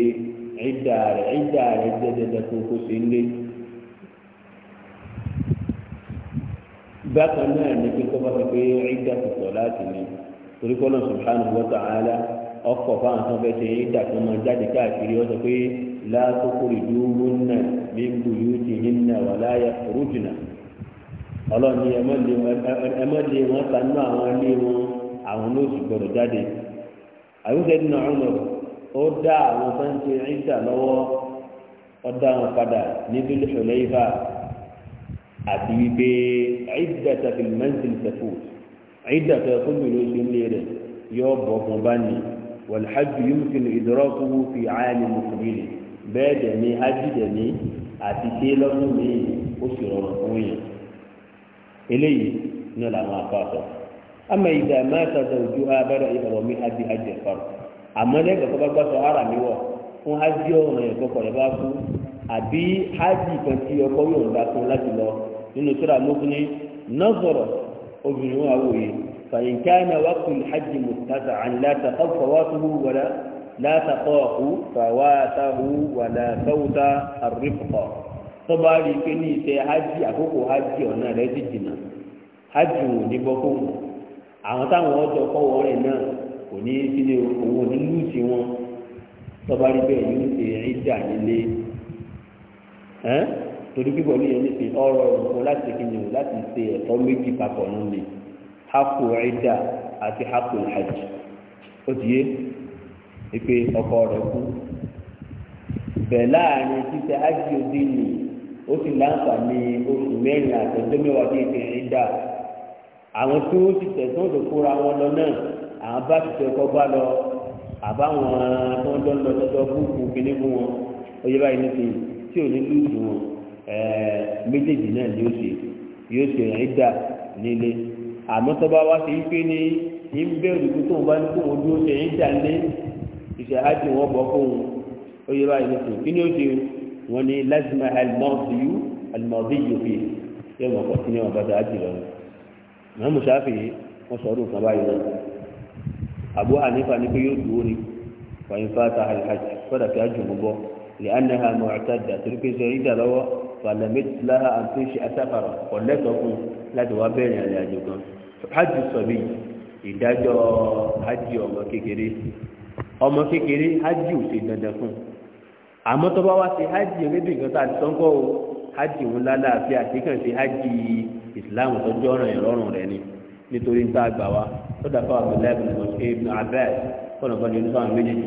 [SPEAKER 1] ìdá rẹ̀ ìdá rẹ̀ jẹ́ dandan kó kó ṣe ń lé. bákan náà ní pé kọ́ba fi pé ìdá tuntun láti ní torí kọ́nà sùnfàánù wọ́tà ààlà ọkọ̀ fáwọn tó fẹ́ ṣe ìdá tó máa jáde káàkiri ọ̀sẹ̀ pé látòkò ìdúró náà ní gbòòyò ti ní nà wà láyà rújìnà ọlọ́ọ̀ni ẹ̀mọ́lẹ̀ wọn kanú àwọn ilé wọn àwọn gbọdọ̀ jáde ọ̀nà ó dá àti wípé ẹ̀ẹ́dàtà fi mẹ́sìn tẹ̀fù ẹ̀ẹ́dàtà tó mi ló ṣe ń lé rẹ̀ yóò bọ̀ fún bá ní wàlhájú yóò fi lè fi àyàlì mùsùlùmí bẹ́ẹ̀ dẹ̀ ní ájú ní àti ṣe lọ́dún mi ó sì rọrùn fún yẹn eléyìí ní ìdá mẹ́ta tó abẹ́rẹ́ mi àti àjẹ àmọ́ lẹ́gbẹ̀ẹ́ bá gbàtọ̀ nínú tíra mọ́kún ní nọ́sọ̀rọ̀ obìnrin wa wòye fàyínkáná wà kún hajj mùtàtà àn látàkọ́ fọwọ́tuhu wàlá látàkọ́ ọ̀hú fàwátàhú wàlá sọ́wọ́tà àrífọ̀ tọ́ba rí i hajji ní hajji hajj àkókò hajj ọ̀nà rẹ̀ ti wọn tọ́ba rí bẹ́ẹ̀ yóò ṣe ẹ̀ẹ́dà nílé torí pípọ̀ ní ẹni pé ọ̀rọ̀ ọ̀rùn láti kí ni o láti ṣe ẹ̀tọ́ méjì papọ̀ nù mí hapu ẹ̀dá àti hapu hajj ó ti yé ipe ọkọ rẹ̀ kú bẹ̀ láàrin títẹ hajj òdì ni ó sì láǹfààní oṣù mẹ́rin àtẹ̀jọ́ mẹ́wàá bíi ti ẹ̀dá àwọn tí ó ti tẹ̀sán òdò kóra wọn lọ náà àwọn bá ti tẹ̀kọ́ bá lọ àbáwọn tó ń lọ lọ tọ́jọ́ búùkù kíní fún wọn ó yẹ báyìí ní tí ò ní lùdù wọn. Eh, méjèèjì náà ni ó ṣe yóò ṣe ìdá nílé àmọ́ tó bá wá sí pé ní ní bẹ́ẹ̀rù kó tóun bá ní kó wọn dúró ṣe wọn bọ̀ ó yẹ báyìí lóṣù kí ni ó ṣe wọn ni lásìmọ̀ àlùmọ́ọ̀dìyú àlùmọ́ọ̀dìyú fi wọn sí ní wọn bá dá sáfì wọn sọ ọdún kan báyìí àbúrò ànífà ni pé yóò dúró ni fàyínfà ta àlùhàjì kọ́dà لأنها معتدة تركي زريدة لو فلمت لها أن تنشئ سفرا ولتكن لا توابين على أجوكم حج الصبي ìdájọ́ hajj ọmọ kékeré ọmọ kékeré hajj ò ṣe dandan fún àmọ́ tó bá wá ṣe hajj onídìí kan tá a ti sọ́ńkọ́ o hajj òun lálàáfíà kí kàn ṣe hajj ìsìláàmù tọ́jú ọ̀ràn ìrọ̀rùn rẹ̀ ni nítorí ń tá a gbà wá ó dàpọ̀ àbúlá ibùdó ibùdó abẹ́ẹ̀ fọ́nà fọ́nà ìlú sáwọn méjèèjì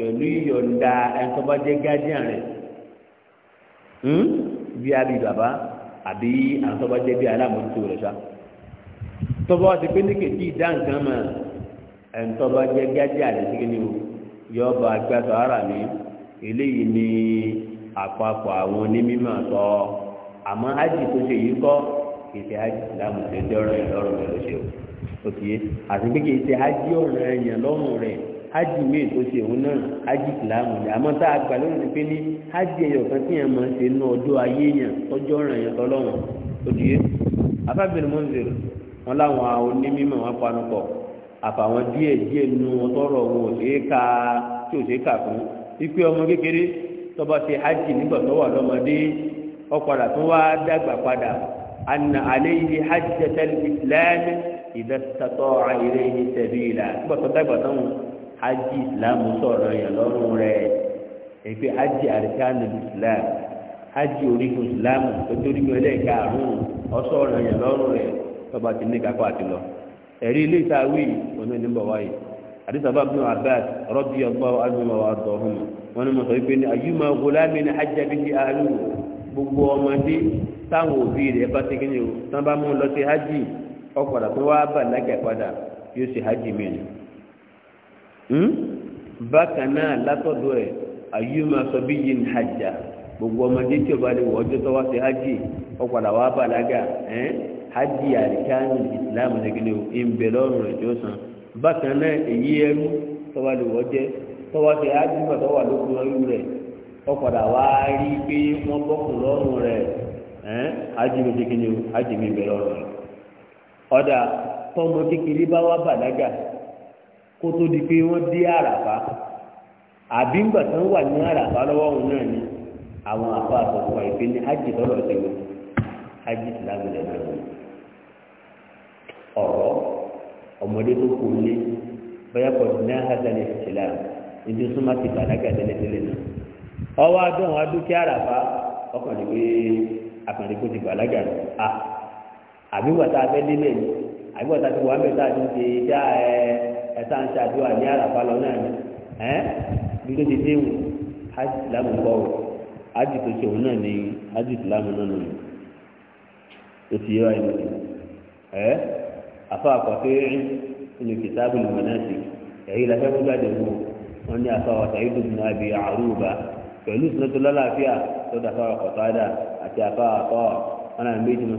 [SPEAKER 1] pẹ̀lú ìyọ̀ǹda ẹni tó bá jẹ́ rẹ̀ hmm? bí a bí bàbá àbí àwọn bá jẹ́ bí alámòótó rẹ̀ ṣá tó ti pé ní kejì ìdá nǹkan mọ̀ ẹni bá jẹ́ ni o yọ ọba ara mi eléyìí ni àpapọ̀ àwọn onímọ̀ sọ àmọ́ ájì tó ṣe yìí kọ́ lọ́rùn rẹ̀ o òkè àti pé lọ́rùn rẹ̀ ájì míì tó ṣe òun náà ájì amata ni àmọ́ tá a gbà lórí ti pé ní ájì ẹ̀yọ̀ kan tí yẹn máa ṣe nú ọjọ́ ayé yẹn ọjọ́ ọ̀ràn yẹn tọ́lọ́wọ̀n òdìyẹ afábìnrin wọn láwọn onímọ̀ wọn panu pọ̀ àfàwọn díẹ̀ díẹ̀ nu ọtọ́rọ̀ wọn ò ṣeé ka tí ò ṣeé kà fún ipe ọmọ kékeré tọba ṣe nígbà tó wà lọ́mọdé ọ̀padà tó wá dàgbà padà alẹ́ hajj islam sọ̀rọ̀ yẹn lọ́rùn rẹ̀ èpè hajj àríkánu islam hajj orígun islam ojoojúmọ́ ẹlẹ́ẹ̀ka àrùn ọ̀sọ̀rọ̀ yẹn lọ́rùn rẹ̀ tọ́ba ti ní kakọ́ àti lọ. ẹ̀rí ilé ìtawí òun ní wáyé àdìsàbà bí rọ́bì ọgbà dọ̀ ọ̀hún wọn ni mo sọ ayúmọ̀ hajj gbogbo ọmọdé táwọn òbí rẹ̀ bá Hmm? bákan náà látọ̀dọ̀ ẹ̀ ayúmọ̀ sọbí yìí ń hajjá gbogbo ọmọdé tí o bá lè wọ tó wá sí hajj ọ̀padà wá bàlágà hajj àríkánì ìsìlámù nìgbìlẹ̀ ìbẹ̀ lọ́rùn rẹ̀ tó san bákan èyí ẹrú tó bá lè wọ́ tó wá sí nígbà tó wà lókun rẹ̀ ọ̀padà rí pé wọ́n bọ́kùn lọ́rùn rẹ̀ kó tó di pé wọ́n dé àràfá àbí ńgbà tán wà ní àràfá lọ́wọ́ òun náà ni àwọn àfa àtọ̀kọ̀ ìpè ní hajj tọ́lọ̀ ti wọ́n hajj ti náà wọ́n ọ̀rọ̀ ọmọdé tó kù ní bẹ́ẹ̀ kọ́ ní àhàzàlẹ̀ ìṣẹ̀lá ìdí súnmọ́ ti bàlágà tẹ́lẹ̀tẹ́lẹ̀ náà ọwọ́ adùn adúkẹ́ àràfá ọkàn ní pé àkàndínkù ti bàlágà náà ah, àbí wàtá abẹ́lé lẹ́yìn àbí mẹ́ta ti ẹ̀ta ń ṣàdúrà ní àràfà lọ náà ni ẹ́ bí tó ti dé wù hajj lámù kọ́ wù hajj tó ṣe òun náà ni hajj lámù náà nìyí ó ti yẹ wáyé nìyí ẹ́ afọ àkọ́kọ́ ẹ̀rín inú kìtàbù lùmọ̀ náà sì ẹ̀yìn la fẹ́ fún jáde wù wọ́n ní afọ àkọ́kọ́ ẹ̀yìn tó dùn àbí àrùbá pẹ̀lú ìsinmi tó lọ́láàfíà tó dàfọ́ àkọ́tàdà àti afọ àkọ́ wọn náà méjì mọ̀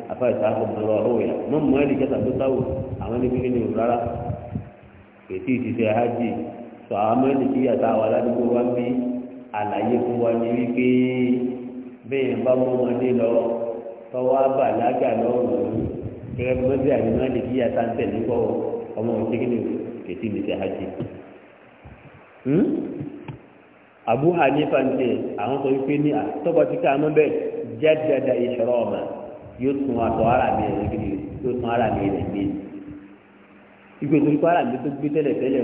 [SPEAKER 1] afa ìsáàkó bọ̀rọ̀ ọ̀hún yà mọ́ mọ́ ẹ̀lì kẹta tó táwò àwọn ní kíkẹ́ ní òun rárá ètí ìṣiṣẹ́ hajj sọ àwọn mọ́ ẹ̀lì kíyà tá a wà ládùúgbò wa bí àlàyé fún wa ní wípé bẹ́ẹ̀ bá mọ́ ọmọdé lọ tọ́wọ́ bá lágà lọ́rùn gẹ́gẹ́ bí mọ́tí àbí mọ́ ẹ̀lì kíyà tá ń tẹ̀lé kọ́ ọmọ òun kíkẹ́ ní ètí hajj. àbú hmm? hanifa ń tẹ àwọn sọ wípé ní àtọ́gbàtíkà mọ́ bẹ́ẹ̀ jáde yóò tún aṣọ ara mi rẹ̀ gidi yóò tún ara mi rẹ̀ gbé ìgbè tó ara mi tó gbé tẹ́lẹ̀ tẹ́lẹ̀ o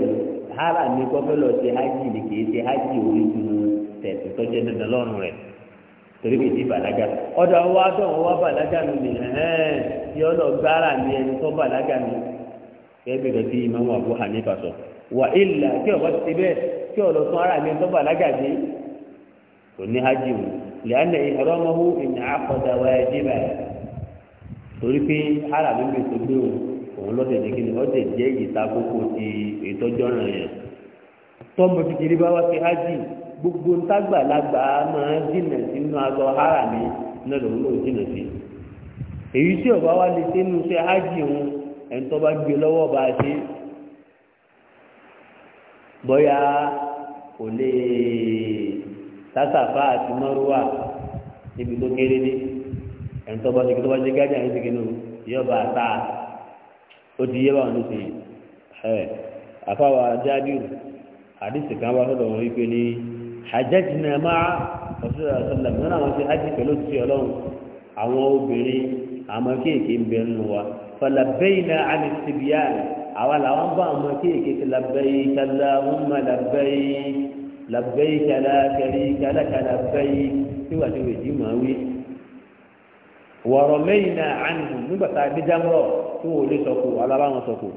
[SPEAKER 1] ara mi kọ́ fẹ́ lọ ṣe hajj ni kì í ṣe hajj orí tunu tẹ̀sán tó jẹ́ dandan lọ́rùn rẹ̀ torí kò sí bàlágà ọ̀dọ̀ àwọn adọ̀ wọn wá bàlágà yọ lọ gbá ara mi ẹni tó bàlágà ìmọ̀ sọ wà ilà kí ọ̀bọ̀ ti bẹ́ẹ̀ kí ọ̀lọ́ tún ara mi tó bàlágà o lẹ́yìn torí pé ara mi gbèsè gbé òun òun lọ́sẹ̀ jẹ́ kí ni ọ̀sẹ̀ jẹ́ ìtakókò ti ìtọ́jú ọ̀ràn yẹn tọ́mọ kékeré bá wá sí hajj gbogbo ntágbàlagbà máa dìnà sínú aṣọ ara mi náà lòun náà dìnà sí èyí tí ọba wa lè sínú sí hajj òun ẹ̀ńtọ́ bá gbé lọ́wọ́ bá a ṣe bọ́yá kò lè sásàfà àti mọ́rúwà níbi tó kéré ní ẹni tó bá ṣe kí tó bá ṣe gájà ní ṣìkínú yóò bá ta ó ti yé báwọn lóṣè ẹ àfáwà jábìrù àdìsí kan wá sọ́dọ̀ wọn wípé ní àjẹjì náà máa ọ̀ṣọ́ àṣọlẹ̀ mìíràn àwọn ṣe ájì pẹ̀lú ti ọlọ́run àwọn obìnrin àmọ́ kéèké ń bẹ nínú wa fọlá bẹ́yìn náà á ní síbi yá rẹ̀ àwa làwọn bá àmọ́ kéèké ti làbẹ́yì kálá ń má làbẹ́yì làbẹ́yì kálá kẹrí kálá kálá bẹ́yì tí wàá ti máa wí wọ̀rọ̀ mẹ́yìn náà ànìmù nígbàtà dídámọ́rọ̀ tí wọ́n lè sọ̀kò alábáwọn sọ̀kò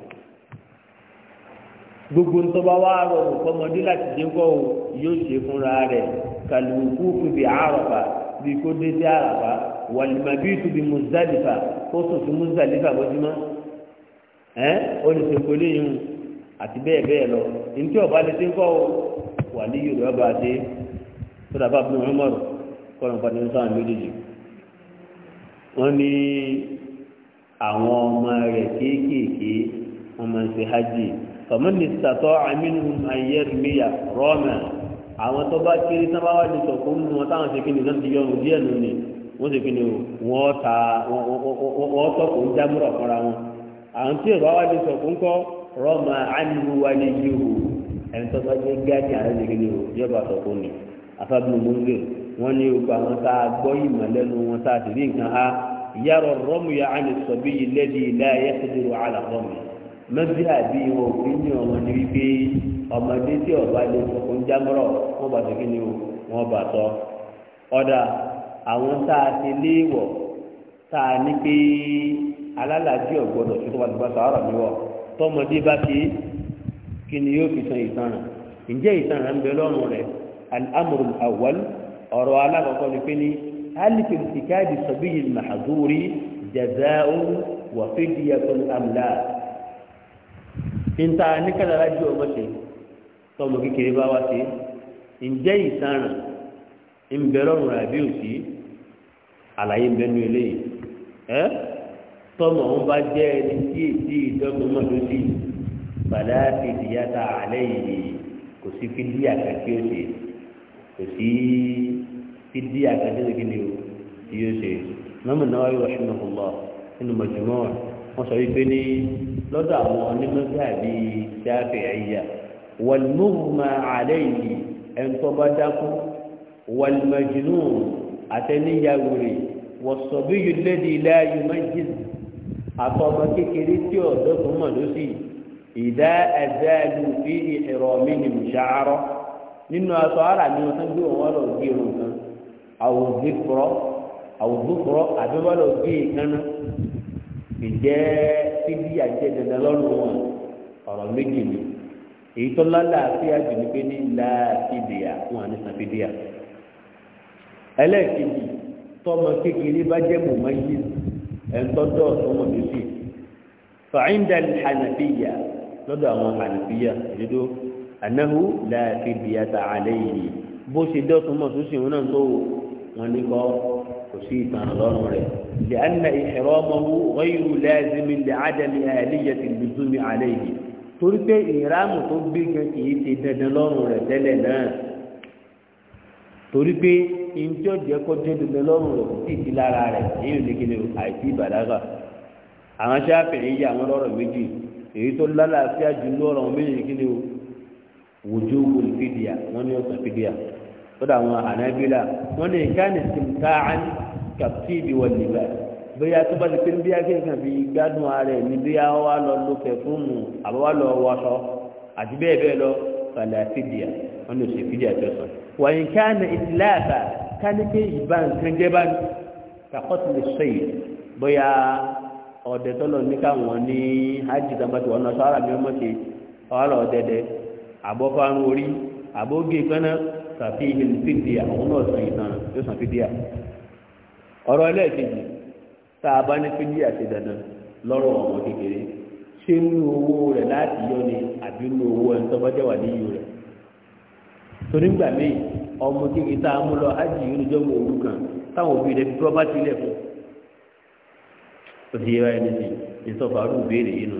[SPEAKER 1] gbogbo ń tọ́ba wá rọ̀ nǹkọ́mọdé láti dé kọ́ o yóò ṣe fúnra rẹ̀ kàlùkù fìbí àrọ̀fà bí kò dé sí àràfà wàlùmọ̀bí fìbí mùsàlìfà kó sùn sí mùsàlìfà bọ́júmọ́ ẹ́ olùsèkò léyìn àti bẹ́ẹ̀ bẹ́ẹ̀ lọ ntí ọba lè dé kọ́ o wà ní yorùbá bá a dé tó dàbà bí wọn mọ̀rọ̀ kọ́ ló wọ́n ní àwọn ọmọ rẹ̀ kéékèèké wọ́n máa ń ṣe hajj tọ́mọ́n ní sàtọ́ àmínú ayélujára rọ́ọ̀mà àwọn tó bá kéré tó bá wà ní sọ̀kún nínú wọn táwọn ṣe kí ni lọ́sí yọrùn díẹ̀ nù ni wọ́n ṣe kí ni wọ́n ta wọ́n tọkùn jámúrọ̀ fúnra wọn àwọn tí èrò wà ní sọ̀kún kọ́ rọ́ọ̀mà ánìwò wà ní yìí o ẹni tó bá jẹ́ gáàdì àrẹ́sẹ̀kí ni yọba sọ̀kún ni afábùnú mú wọ́n ní gbogbo àwọn tá a gbọ́ ìmọ̀ lẹ́nu wọn tá a sì rí nǹkan á yàrá rọ́mù yà á ní sọ bí lẹ́bi ilé ayé ṣẹ́dúró àlà rọ́mù mẹ́bí àbí wọn ò fi ní ọmọ ní wípé ọmọdé tí ọba lè jámọ́rọ̀ wọ́n bá tó kí ni wọ́n bá tọ́ ọ̀dà àwọn tá a ti léèwọ̀ tá a ní pé alálàájì ọ̀gbọ́dọ̀ tó tó mi wọ̀ tọmọdé bá ti kí ni yóò fi san ǹjẹ́ ń bẹ lọ́rùn rẹ̀ ọ̀rọ̀ alákọ̀ọ́kọ́ ni pé ní alìkè ìsìkáàdì sọ̀bí yìí màhàdúrí jẹ̀dá òun wà fídí ẹ̀kọ́ àmìlá. níta níkàlára ju ọmọ ṣe tọmọ kékeré bá wá sí ǹjẹ́ ìtaràn ń bẹ lọ́rùn rẹ̀ àbí òsì àlàyé ń bẹ nú eléyìí ẹ́ tọmọ òun bá jẹ́ ẹni tí èsì ìdọ́gbọ́n lódì bàdá fìdí àlẹ́ yìí kò sí fídí àkàkí òsì kò sí fídíà àkàdéjì kí ni o yóò ṣe mọ́mọ́ náà yóò ṣe náà lọ nínú mọ̀jùmọ́ wọn sọ wípé ní lọ́dọ̀ àwọn onímọ̀gá bíi sáfẹ̀ ẹ̀yà wàlmùhùmá àlẹ́yìí ẹ̀ńtọ́ bá dákú wàlmàjìnú àtẹníyàwòrè wọ̀sọ̀bí yìí lédi iláyù méjì àtọ́mọ kékeré tí ọ̀dọ́ tó mọ̀ ló ìdá ẹ̀dáàlú fi ìrọ̀mí ni mùsàárọ̀ àwòzíkọrọ àwòzíkọrọ àbẹ̀wọ́lọ̀ gbé ìkànnà ìjẹ́ síbi àjẹ dandan lọ́rùn wọn ọ̀rọ̀ méjì ni èyí tó lálàáfíà jù ní pé ní láàfíìdìyà fún ànísàfíìdìyà ẹlẹ́ẹ̀kejì tọmọ kékeré bá jẹ́ mọ̀mọ́ yìí ẹ̀ńtọ́jọ́ ọ̀sọ́mọ̀ ló sì fàáyíǹdà hànàfíyà lọ́dọ̀ àwọn hànàfíyà ìdídó ànáhù láàfíìdìyà tààlẹ́ yìí bó ṣe dọ́tún mọ̀ tó sì wọn náà tó wò wọn ní kọ́ kò sí ìtàn lọ́rùn rẹ̀ lè ana ìṣẹ̀rọ ọmọwú ọ̀yù lẹ́ẹ̀zìmí lè ádàmì àìlíyẹ ti dùdú mi àlẹ́ yìí torí pé ìrámù tó gbé gan kì í ṣe dandan lọ́rùn rẹ̀ tẹ́lẹ̀ náà torí pé ìjọ jẹ́ kọjá dandan lọ́rùn rẹ̀ sí ìdí lára rẹ̀ èyí ò ní kí ni àìsí ìbàdàgà àwọn aṣáfẹ̀rẹ̀ yí àwọn lọ́rọ̀ méjì èyí tó lálàáfíà jù lọ́rọ̀ méjì kí ni wòjú sọ́dọ̀ àwọn ànábílà wọ́n ní ìkànnì simtaán kàptíìbì wọ́n níbà bóyá tó bá ti pé bí akéèkàn fi gbádùn ara ẹ̀ ní bóyá wà lọ lo pẹ̀fúmù àbáwá lọ wọṣọ àti bẹ́ẹ̀ bẹ́ẹ̀ lọ fàlẹ́ àfídíà wọ́n ní òṣèlú fídíà tó sọ. wọ́n ní ìkànnì ìtìláàtà kánípé ìbá nǹkan jẹ́ bá kàkọ́tìlẹ̀ sẹ́yìn bóyá ọ̀dẹ tọ́lọ̀ ní káwọn ní hajj tàbátì wọn náà sọ àbógi ìpẹ́nà tàbí ìhìn fìdí àwọn náà san ìtàn yóò san fìdí à ọ̀rọ̀ ẹlẹ́ẹ̀kejì tá a bá ní fìdí àti dandan lọ́rọ̀ ọmọ kékeré ṣé nínú owó rẹ̀ láti yọ ni àbí nínú owó ẹni tó bá jẹ́ wà níyì rẹ̀ torí gbà ọmọ a mú lọ ájì yìí òru kan táwọn òbí rẹ̀ fi pírọ́bátì lẹ̀ fún ìbéèrè yìí nù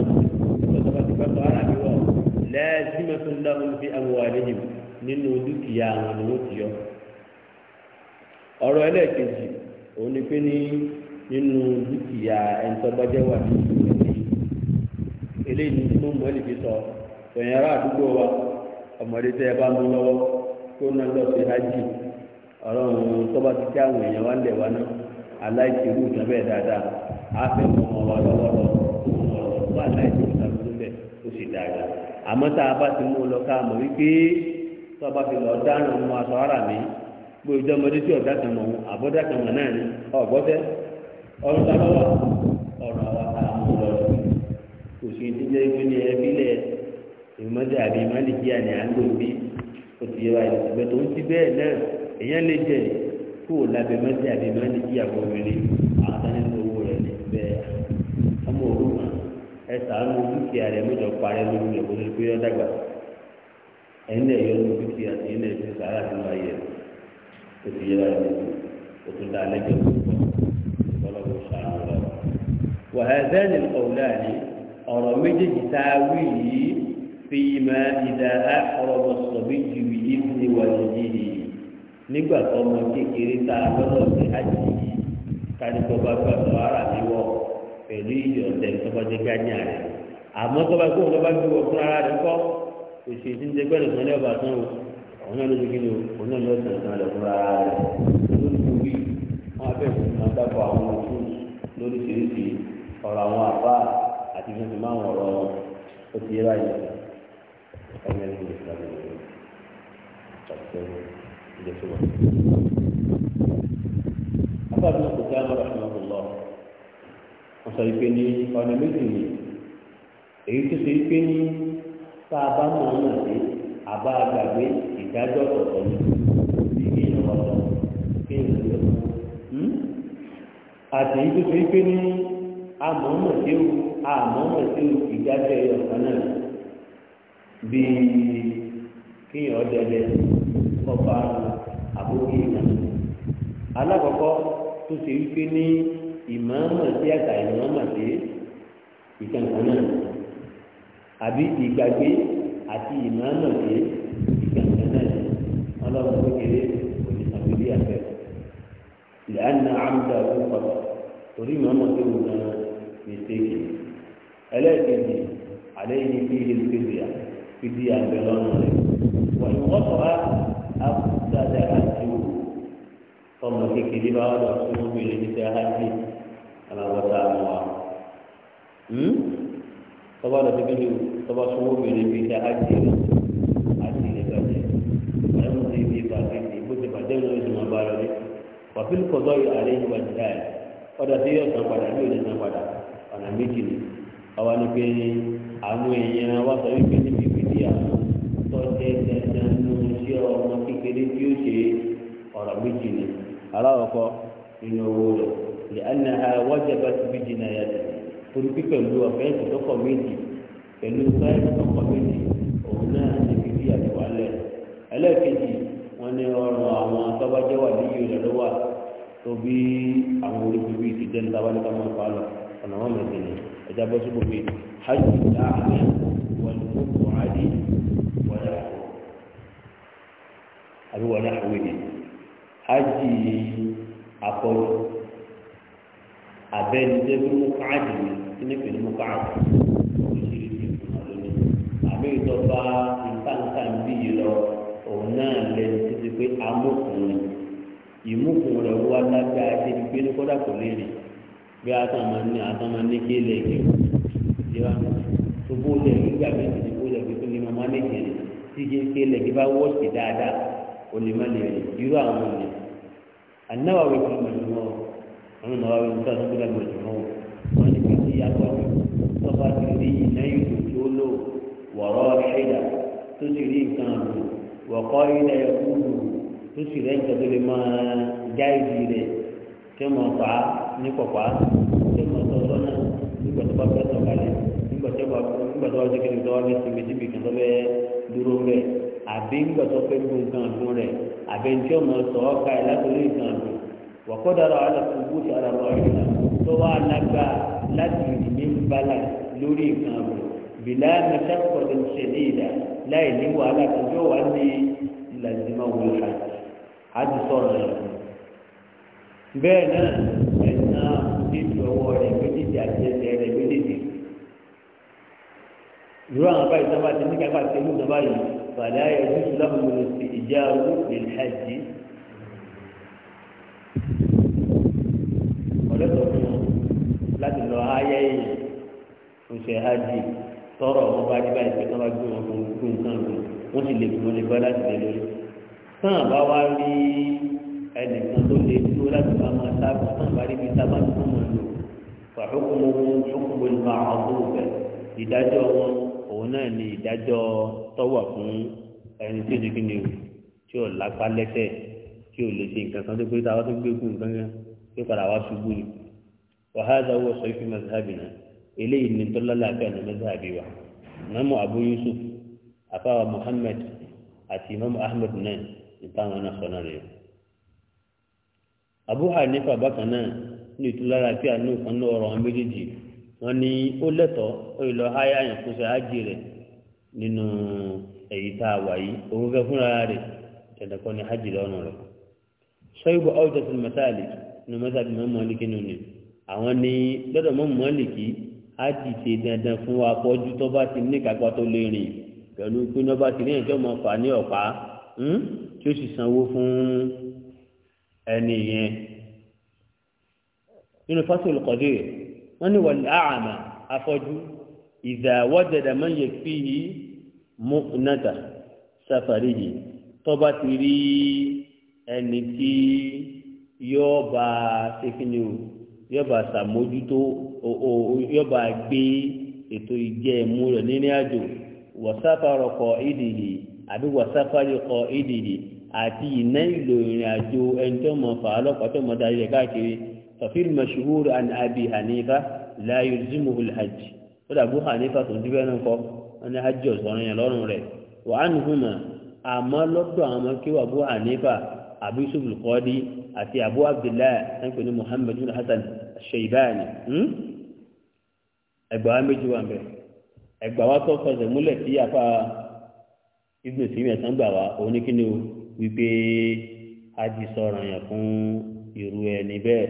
[SPEAKER 1] lẹ́ẹ̀sìmẹ̀tún lọ́hùn fi amúwàlẹ́yìn nínú dúkìá àwọn ni wọ́n ti yọ. ọ̀rọ̀ ẹlẹ́ẹ̀kejì òun ni pé ní nínú dúkìá ẹ̀ńtọ́gbọ́jẹ́ wà ní ìlú rẹ̀ ní eléyìí ní mọ́mọ́ ẹ̀lì fi sọ ẹ̀yìn ará àdúgbò wa ọmọdé tẹ́ ẹ bá mú lọ́wọ́ kó náà lọ sí hajj ti àwọn èèyàn wá wá dáadáa á ọmọ wa àmọ́ tá a bá ti mú un lọ ká mọ̀ wípé tó a bá fi lọ dáràn mú aṣọ ara mi pé ojú ọmọdé tí ọ̀dá kan mọ̀ òun àbọ̀dá kan mọ̀ náà ni ọ̀gbọ́tẹ́ ọ̀run ta lọ́wọ́ ọ̀rọ̀ àwa ta mú lọ kò sí ní jẹ́ pé ní ẹbí lẹ̀ ìmọ̀dé àbí ìmọ̀lìkíyà ni à ń lò bí o ti yẹ wa ìgbẹ́ tó ń ti bẹ́ẹ̀ náà èèyàn lè jẹ kó o lábẹ́ mọ́tẹ́ àbí ìmọ̀lìkíyà kọ́ sàánú dúkìá rẹ̀ mọ́jọ parẹ́ lórí rẹ̀ kó lórí pé yọ dàgbà ẹ̀yin náà yọ ní dúkìá tí ẹ̀yin náà fi sàárà sínú ayé rẹ̀ ó ti yẹ lára lóko ó tún dá lẹ́jọ́ púpọ̀ ọlọ́wọ́ sàánú rẹ̀. wàhálẹ́ẹ̀lì ọ̀wúláàní ọ̀rọ̀ méjèèjì tá a wí yìí fi máa ìdá ọ̀rọ̀ mọ̀sọ̀bí ju yìí ní wàlúùjì nígbà tó ọmọ kékeré tá a lọ́dọ̀ sí àjèjì kánípọ̀ bá gbàgbọ́ pẹ̀lú ìyọ̀dẹ̀ tó bá dé gánà rẹ̀ àmọ́ tó bá kó tó bá gbé wọ fún ara rẹ̀ kọ́ kò sì ti ń jẹ́ gbẹ́rẹ̀ sọ́lẹ̀ ọba tán o òun náà ló ti kíni o òun náà ló sàn sàn lọ fún ara rẹ̀ lórí wọn abẹ́ ìfúnná dákọ̀ àwọn ojú lóríṣiríṣi ọ̀rọ̀ àwọn àbá àti fífi máa ń ọ̀rọ̀ ó ti yẹ báyìí ọmọ wọ́n sọ ìpè ní ọ̀nà méjì ni èyí tó ṣe ìpè ní tá a bá mọ̀ ọ́nà sí àbá àgbàgbé ìdájọ́ ọ̀tọ̀ ni bí kí n lọ sọ kí n lọ sọ àti èyí tó ṣe ìpè ní amọ̀ọ́mọ̀ tí ó amọ̀ọ́mọ̀ tí ó ìdájọ́ ẹ̀yọ̀ kan náà bí kí n ọ̀dẹ̀dẹ̀ kọ́pa àbókè ìlànà alákọ̀ọ́kọ́ tó ṣe ìpè ní ìmọ̀ọ́mọ̀ sí àgbà ìmọ̀ọ́mọ̀ sí ìkànkàn náà àbí ìgbàgbé àti ìmọ̀ọ́mọ̀ sí ìkànkàn náà ọlọ́run kékeré onísàkúndé àfẹ́ ìlànà àmúdà ọ̀pọ̀ torí ìmọ̀ọ́mọ̀ tó wù náà mistake ẹlẹ́ẹ̀kejì alẹ́ yìí fi ilé ìkéde à fìdí àgbẹ̀ lọ́nà rẹ̀ wọ́n yóò wọ́pọ̀ á àkùsàdà àti òwò ọmọ kékeré bá wà lọ sí ọmọbìnrin níta á alábọ́tà àmọ́wá hmm? tọ́ba lọ sí kíni tọ́ba sọ́wọ́ bèrè bíi ṣe àti ìlú àti ilé bàjẹ́ ọ̀rẹ́mú ti di bàjẹ́ ti bó ti bàjẹ́ ló ti máa bá lọ rí wàfíìlì kọ́tọ́ yìí àlẹ́ yìí wájú dáa ọ̀dà tí yóò san padà yóò san padà ọ̀nà méjì ni àwa ni pé àwọn èèyàn wa sọ wípé níbi ìpìlẹ̀ àwọn tọ́jẹ́ dandan ní iṣẹ́ ọmọ kékeré tí ó ṣe ọ̀rọ̀ méjì ni aláwọ̀ kọ́ nínú owó rẹ̀ lè ana awájà bá ti bíjì náà yàtọ̀ torí pé pẹ̀lú ọ̀fẹ́ǹsì tọkọ̀ méjì pẹ̀lú fẹ́ǹsì tọkọ̀ méjì òun náà ti fi bí àdúrà lẹ̀ ẹlẹ́ẹ̀kejì wọn ní ọrùn àwọn tọ́bajẹ́ wà ní yìí rẹ̀ ló wà àwọn oríṣi ti dẹ́nu tábà ní ká fa lọ ọ̀nà wọn mẹ́tẹ̀ ni ẹja bọ́ síbò pé hajj dáhàmẹ́ wọn ni mo kọ́ adé wọn ni àbí wọn ni àwìn hajj yìí àpọ̀jù abẹ́ni tó bí mú káàdì ní kí ní pèlú mú káàdì oríṣiríṣi ìfúnná lónìí àmì ìtọ́ba nǹkanǹkan bí yìí lọ òun náà lẹnu títí pé amókùnrin ìmúkùnrin rẹ̀ wá lágbára débi pé ní kódà kò lè rìn bí atama ní atama ní kéle kí ìjọba tó bó lè rí gbàgbé títí bó lè rí tó lè má má lè kéle tí kéle kí bá wọ́ọ̀sì o ó lè má lè rìn irú àwọn ènìyàn. النووي في المجموع أنا النووي مثلا في المجموع وأنا كنتي أقول تفاتيري نيت جولو وراحلة تجري كانوا وقائد يقول تجري أنت بما جايز لي كما طعا نقطع كما تصنع نقطع بكرة تقالي نقطع بكرة تقالي نقطع بكرة تقالي نقطع بكرة تقالي àbí ńgbọ̀tọ́ pé gbó nǹkan ọ̀dún rẹ̀ àbí ntí ọmọ sọ ọ́ ká ẹ̀ látòrí nǹkan ọ̀dún wàkọ́dọ̀rọ̀ alákòókò sára lọ́rùn tó wà lágbá láti ní bala lórí nǹkan ọ̀dún bìlá mẹsàkọ̀dọ̀ ṣẹlẹ̀ ìdá láì ní wàhálà tó yóò wá ní ìlànà wọlé àti sọ̀rọ̀ rẹ̀ bẹ́ẹ̀ náà ẹ̀sán ìfọwọ́ rẹ̀ méjèèjì àti ẹsẹ̀ rẹ̀ méjèèjì ìró àwọn abáyé sábà ti ní kápá ti mú sábà yìí فلا يجوز لهم الاستئجار للحج ọlọ́dọ̀kùn láti lọ ayé yìí oṣù hajj tọrọ wọn bá dé báyìí pé kí wọn bá gbé wọn fún fún nǹkan lò wọn sì lè fún wọn lè bá láti lè lórí tán àbá wá rí ẹnìkan tó lè dúró láti bá máa sábà tán àbá rí ibi sábà tó fún wọn lò fàṣọkùn ohun ṣọkùn bó ní bá àwọn tó bẹ ìdájọ wọn òun náà ní ìdájọ tọ́wọ̀ fún ẹni tí ó ti kí ni o tí ò lápá lẹ́sẹ̀ tí ò lè ṣe nǹkan kan tó pé táwa tó gbé kú nǹkan kan tó padà wá ṣubú ni wàhálà wọ sọ ìfì mẹsàbí náà eléyìí ni tọ́lálà àbẹ́ àná mẹsàbí wa mọ́mọ́ abu yusuf àfáwà muhammed àti mọ́mọ́ ahmed náà ìtàwọn náà sọ náà rèé abu hanifa bákan náà ní ìtúlára àti àánú kan náà ọ̀rọ̀ wọn méjèèjì wọn ni ó lẹ́tọ̀ọ́ ó lọ háyà yẹn fún sẹ́ rẹ̀ nínú èyí tá a wà yìí òun gẹ fúnra rẹ̀ tẹ̀dẹ̀kọ́ ni hajj lọ́nà rẹ̀ ṣọ́yìnbó ọ̀jọ̀ tó mẹ́tàlì ní mẹ́tàlì mọ́ mọ́lìkì nù ni àwọn ni lọ́dọ̀ mọ́ mọ́lìkì hajj ṣe dandan fún wa pọ́jú tó bá ti ní kápá tó lè rìn pẹ̀lú pé náà ti rí ẹ̀jọ́ mọ́ ní ọ̀pá hmm, tí ó sì sanwó fún ẹni yẹn nínú fásitì olùkọ́dé wọ́n ní wọ́n ní àmà afọ́jú ìdá wọ́jẹ̀dà máa ń yẹ fi yìí mú nàdà sáfàrí yìí tọ́ba ti rí ẹni tí yóò bá ṣèkínní o yóò bá ṣàmójútó yóò bá gbé ètò ìjẹ́ ìmú rẹ̀ nínú àjò wọ́sáfàrọ̀ kọ ìdìhì àbí wọ́sáfàrí kọ ìdìhì àti ìná ìlò ìrìn àjò ẹni tó mọ̀ fà á lọ́pàá tó mọ̀ darí rẹ̀ káàkiri tọ́fíìmù mọ̀ṣúhúrù àbí hànífà láyé zimuhul hajj ó dàbí hanifa tó ń dúpẹ́ náà kọ́ wọn ní hajj ọ̀sán yẹn lọ́rùn rẹ̀ wà á nìkún mọ̀ àmọ́ lọ́dọ̀ àwọn ọmọ kéwà abu hanifa abu yusuf lukọ́dí àti abu abdullahi ẹnpẹ́ ní muhammed bin hasan ṣèyíbáyàní hmm? ẹgbàá méjì wà mẹ́ ẹgbàá wa tó fẹsẹ̀ múlẹ̀ sí apá ibùdó sí mẹ́sàn-án gbà wá òun ní kí ni o wípé hajj sọ̀rọ̀ yẹn fún irú ẹni bẹ́ẹ̀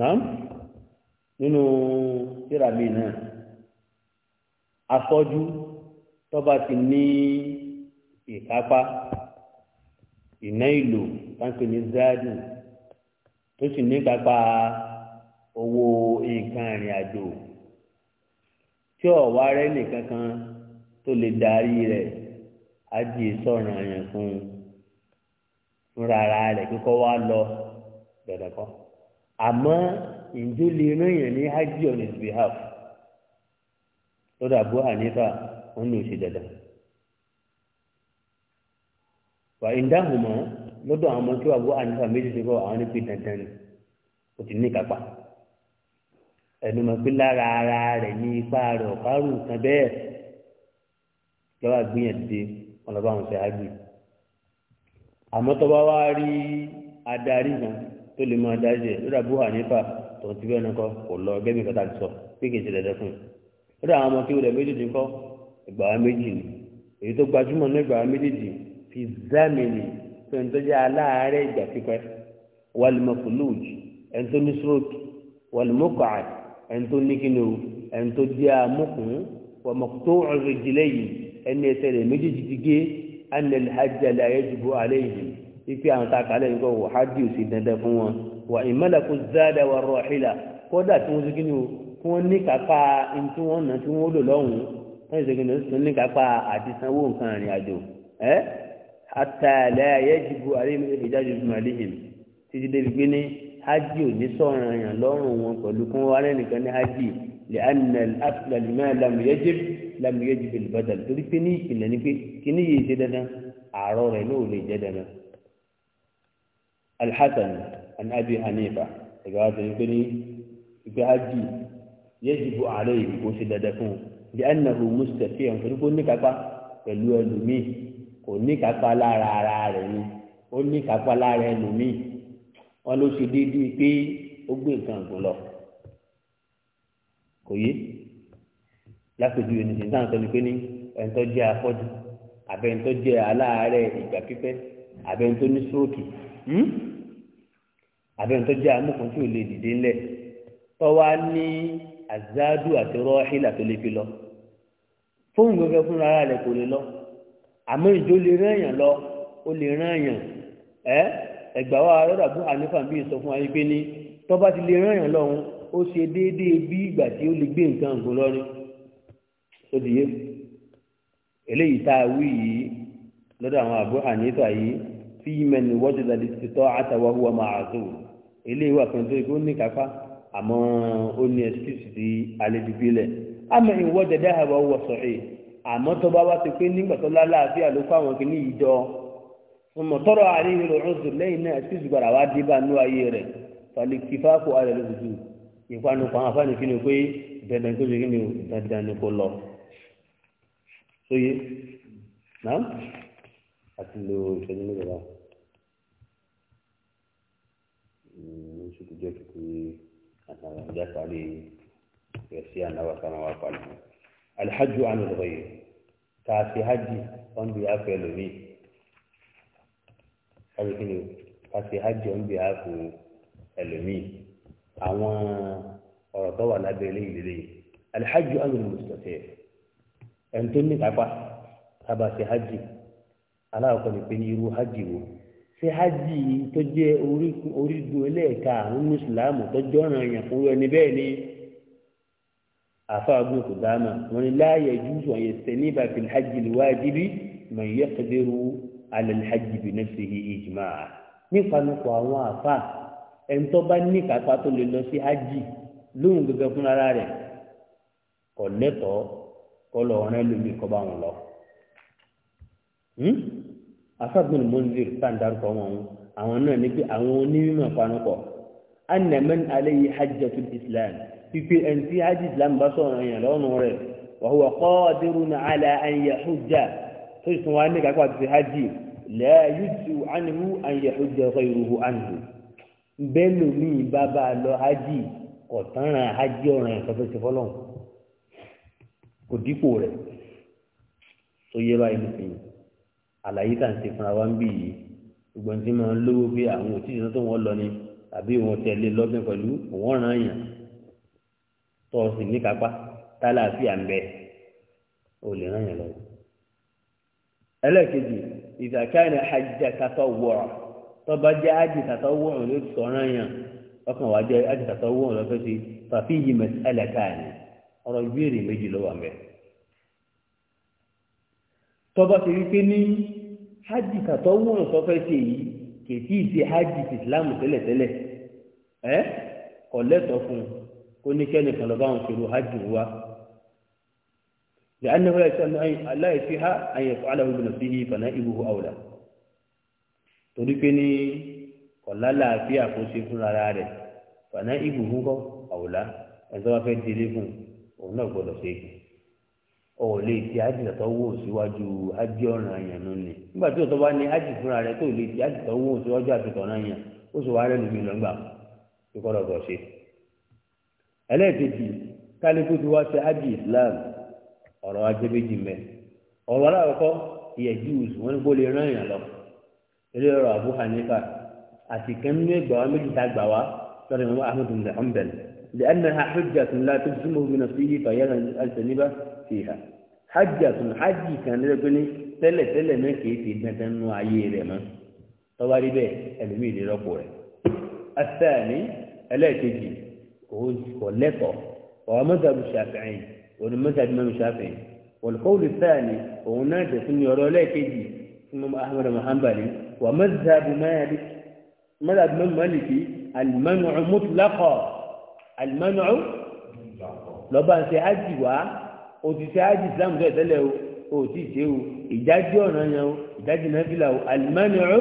[SPEAKER 1] náà. nínú tíra mi náà afọ́jú tọba ti ní ìkápá ìná ìlò táǹkì ní záàdù tó sì ní kápá owó nǹkan ìrìn àjò tí ọ̀wá rẹ̀ nìkan kan tó lè darí rẹ á di sọ̀ràn yẹn fún fúnra rẹ̀ kíkọ́ wá lọ dọ̀dọ̀ kọ́ in lè rán èèyàn ní on his behalf lọ́dọ̀ àbúrò hanifa wọn ní òṣè dandan wa ìdáhùnmọ́ lọ́dọ̀ àwọn ọmọ tí wàá hanifa méjì ti bọ̀ àwọn ní pé dandan ni kò ti ní kápá ara rẹ̀ ní ipá rẹ̀ ọ̀kárù kan bẹ́ẹ̀ lọ́wọ́ àgbéyànjú ọlọ́ba àwọn ṣe hajj àmọ́ tọ́ba wá rí adarí kan tó lè máa dájẹ́ lọ́dọ̀ hanifa. tó ti bẹ́ẹ̀ nìkan kò lọ gẹ́gẹ́ bí kọ́tà ti sọ pé kìí ṣe dẹ́dẹ́ fún un ó dà àwọn ọmọ tí ó rẹ̀ méjèèjì kọ́ ìgbàwá méjì ni èyí tó gbajúmọ̀ ní ìgbàwá méjèèjì fi zámìnì tó ń tọ́jú aláàárẹ̀ ìgbà pípẹ́ wàlùmọ̀kùlùjì ẹni tó ní stroke wàlùmọ̀kọ̀ ẹni tó ní kíni o ẹni tó di amúkùn wàmọ̀kútó ọ̀rọ̀ ìjìnlẹ̀ yìí ẹni ẹsẹ̀ rẹ̀ méjèèjì ti gé wà ìmọ̀lẹ̀kù záàdà wà rọ̀hìlà kódà tí wọ́n ti kíni o kí wọ́n ní kápá ntí wọ́n nà tí wọ́n lò lọ́hùn wọ́n ti kíni o sì ní kápá àti sanwó nǹkan àrìn àjò ẹ́ àtàlẹ́ ayẹ́jìbù àríyìn ìdájọ́ ìmọ̀lẹ́yìn títí débi pé ní hajj ò ní sọ̀rọ̀ àyàn lọ́rùn wọn pẹ̀lú kí wọ́n wá lẹ́nìkan ní hajj lè ànà àtìlẹ́lẹ́mẹ́ làmúyẹ́jì an abi hanifa ẹgbẹ́ wa tẹ̀lé pé ní ìgbẹ́ ájì yẹ́jìbò ààrẹ yìí kò ṣe dandan fún un bí ẹnìyàwó mustapha ẹ̀ ń torí pé ó ní kápá pẹ̀lú ẹlòmíì kò ní kápá lára ara rẹ̀ ni ó ní kápá lára ẹlòmíì wọn ló ṣe déédéé pé ó gbé nǹkan gùn lọ kò yé lápèjú ẹni tí sáà sọ ni pé ní ẹni tó jẹ afọjú àbẹ ẹni tó jẹ aláàárẹ ìgbà pípẹ àbẹ ẹni tó ní stroke. Hmm? àbẹ̀rẹ̀ tó jẹ́ amúkùn tí ò lè dìde ńlẹ̀ tọ́wá ní àzádù àti rọ́ọ̀hìlà tó lè fi lọ fóònù gbẹgbẹ fún ara rẹ̀ kò lè lọ àmọ́ ìjó lè rán èèyàn lọ ó lè rán èèyàn ẹ ẹgbà wa rọ́dà bú ànífà bíi sọ fún ayé pé ní tọ́ba ti lè rán èèyàn lọ́hùn ó ṣe déédéé bí ìgbà tí ó lè gbé nǹkan ògùn lọ́rin ó dìye eléyìí tá a wí yìí lọ́dọ̀ àwọn àbú ànífà yìí fíìmẹ́ni wọ́jú lálẹ́ ti tọ́ àtàwọ́ wọ́n máa eléyìí wà kan tó ikú ní kápá àmọ́ ó ní ẹsikísì ti alẹ́dìbílẹ̀ àmọ́ ìwọ́ dẹ̀dẹ́ àbọ̀ wọ̀ sọ̀rọ̀ àmọ́ tó bá wá ti pé nígbà tó lálàáfíà ló fáwọn kìíní yìí jọ ọmọ tọrọ àárín ìlú ọ̀sùn lẹ́yìn náà ẹsikísì gbàrà wá dé bá nú ayé rẹ̀ falẹ̀ kìfáàkù alẹ́ lójú ìpanu kan afáàní kí ni pé dandan tó ṣe kí ni dandan ni kò lọ sóye náà àti lo ìṣẹ́jú méjìlá mun siku jẹ́ kìkì àtàjáfàlẹ̀ rẹ̀ sí ànáwà sanáwà pàlẹ̀ alhajju anu lọ́yẹ̀ káàsì hajj on behalf ẹlòmí kábíkínú káàsì hajj on behalf ẹlòmí àwọn ọ̀rọ̀ tó wà lábẹ́ ilé ìlélẹ́yìn alhajju anu lọ́sọ̀tẹ̀ ẹni tó ní kápá kábàsì hajj aláwọ̀ kan ní pé ní irú wo ṣe hajj tó jẹ́ orígun ẹlẹ́ẹ̀ka àwọn mùsùlùmí tó jọ́ràn èèyàn fún ẹni bẹ́ẹ̀ ni àfáàgbọ́n kò dáama wọn ni láàyè júùsù ọ̀yẹ̀ sẹ́ni bàbí hajj lùwájibí mà yẹ kẹ́dẹ́rù alẹ́ hajj bí nẹ́fẹ̀ yìí ìjìmá nípa nípa àwọn àfá ẹ̀ńtọ́ bá ní kápá tó lè lọ sí hajj lóhùn gẹ́gẹ́ fún ara rẹ̀ kọ̀ lẹ́tọ̀ọ́ kọ́ lọ́ọ́ rẹ́ lómi kọ́ bá wọn lọ. Hmm? afẹ́gbọ́n mọ́nzir sáńdárúkọ wọn àwọn náà ní pé àwọn onímọ̀ panupọ̀ anamẹ́n aleyhi hajjatu islam pípé ẹ̀ǹtí hajj islam bá sọ̀rọ̀ yẹn lọ́nà rẹ̀ wàhùwà kọ́ọ̀dẹ́rù náà àlà àyè hujja tó sì wá ní kakọ́ àti hajj lẹ́yùtù ànihu àyè hujja ọkọ̀ ìrùhù ànihu bẹ́ẹ̀ lómi bàbá lọ hajj kọ̀tánràn hajj ọ̀ràn ẹ̀kọ́ tó ti fọ́lọ́ kò dípò rẹ̀ tó yẹ báyìí nìyí àlàyé tà ń ṣe fúnra wa ń bì yìí ṣùgbọ́n tí máa ń lówó pé àwọn òtítì tó wọ́n lọ ni àbí wọn tẹ̀lé lọ́gbìn pẹ̀lú òun ràn yàn tọ́ ọ sì ní kápá tálàáfíà ń bẹ ò lè ràn yàn lọ. ẹlẹ́ẹ̀kejì ìtàkàní ajíjàkátọ̀ wọ̀rọ̀ tọ́ba jẹ́ ajíjàkátọ̀ wọ̀rọ̀ ló ti sọ̀ràn yàn ọkàn wàá jẹ́ ajíjàkátọ̀ wọ̀rọ̀ lọ́fẹ́ ti rí pé ní hajj kàtọ́ wúrùn tó fẹ́ ṣe yìí kètí ìṣe hajj ti islam tẹ́lẹ̀tẹ́lẹ̀ ẹ́ kọ̀ lẹ́tọ̀ fún un kó ní kẹ́ni kan lọ́ba àwọn òṣèlú hajj wa lè ánà wọlé sọ́nà aláì fi ha àyè fún aláwọ̀ ìbùnà sí i fànà ìwúhu àwòlà torí pé ní kọ̀lá làáfíà kó fún ara rẹ̀ fànà ìwúhu àwòlà ẹ̀ tó fẹ́ délé fún òun náà gbọ́dọ̀ ṣe é ò lè ti ájì tó wò síwájú ájì ọ̀ràn àyàn nù ni nígbà tí òtọ́ bá ní ájì fúnra rẹ tó lè ti ájì tó síwájú àfitọ̀ ọ̀ràn àyàn ó sì wá rẹ lómi lọ́gbà tó kọ́ lọ́gbọ̀ ṣe. ẹlẹ́ẹ̀kejì wá ájì islam ọ̀rọ̀ ajé méjì mẹ́ ọ̀rọ̀ aláwọ̀kọ́ ìyẹ̀ jews wọ́n ní kó lè rán èèyàn lọ ilé abu hanifa àti kẹ́mínú fìhà hajj àtún hajj kan lẹ́yìn pé ní tẹ́lẹ̀tẹ́lẹ̀ náà kìí ti dandan nu ayé rẹ̀ mọ́ tọ́wá rí bẹ́ẹ̀ ẹlòmíì lè rọ́pò rẹ̀ asẹ́ni ẹlẹ́ẹ̀kejì kò lẹ́tọ̀ ọ̀rọ̀ mọ́tàbí ṣàfihàn òní mọ́tàbí mọ́mí ṣàfihàn wọ̀lùkọ́wùlù sẹ́ni òun náà jẹ́ fún ọ̀rọ̀ ẹlẹ́ẹ̀kejì fún mọ́mọ́ ahmed muhammad wà mọ́tàbí mọ́mọ́ maliki alimami mutlakọ lọ́ba ṣe hajj wá òtítẹ́ ájì islam tó ẹ̀tẹ́lẹ̀ o òtítẹ́ o ìdájọ́ ọ̀nà yẹn o ìdájọ́ náà fi là o alimani o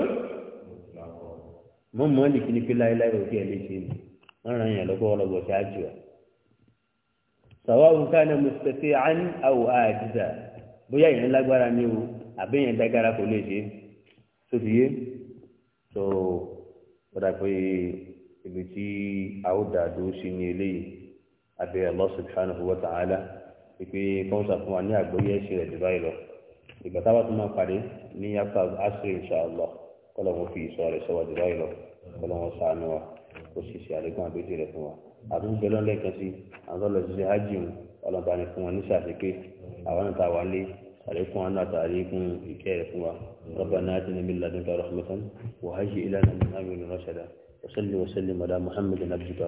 [SPEAKER 1] mọ́ mọ́lì kí ni pé láéláé òkè ẹ̀ lè ṣe ni wọ́n ràn yẹn lọ́gbọ́ ọlọ́gbọ́ tí ájì o. sọ̀wọ́ nǹkan náà mo ṣètè án àwọ̀ àdìsá bóyá ìyẹn lágbára ni o àbí ìyẹn dágara kò lè ṣe sóbi yé tó kódà pé ibi tí a ó dàdó ni eléyìí àbí allah subhanahu wa ta'ala ìpè kọ́ńtà fún wa ní àgbóyé ẹ̀sìn rẹ̀ dùbáyìí lọ ìgbà táwa tó máa pàdé ní yàtọ̀ àṣírí ìṣàlọ́ kọ́lọ́wọ́n fi ìṣọ́ rẹ̀ sọ́wọ́ dùbáyìí lọ kọ́lọ́wọ́n sànù wa kó sì ṣe àlékún àbẹ́jì rẹ̀ fún wa àtúnṣe lọ́lẹ̀ kan sí àwọn ọlọ́sẹ̀ hajj ọlọ́ba ni fún wọn ní sàṣekè àwọn ìta wà lé àlékún àná àtàlékún ìkẹ́ rẹ̀ fún wa rọ́bà náà ti níbi ladùn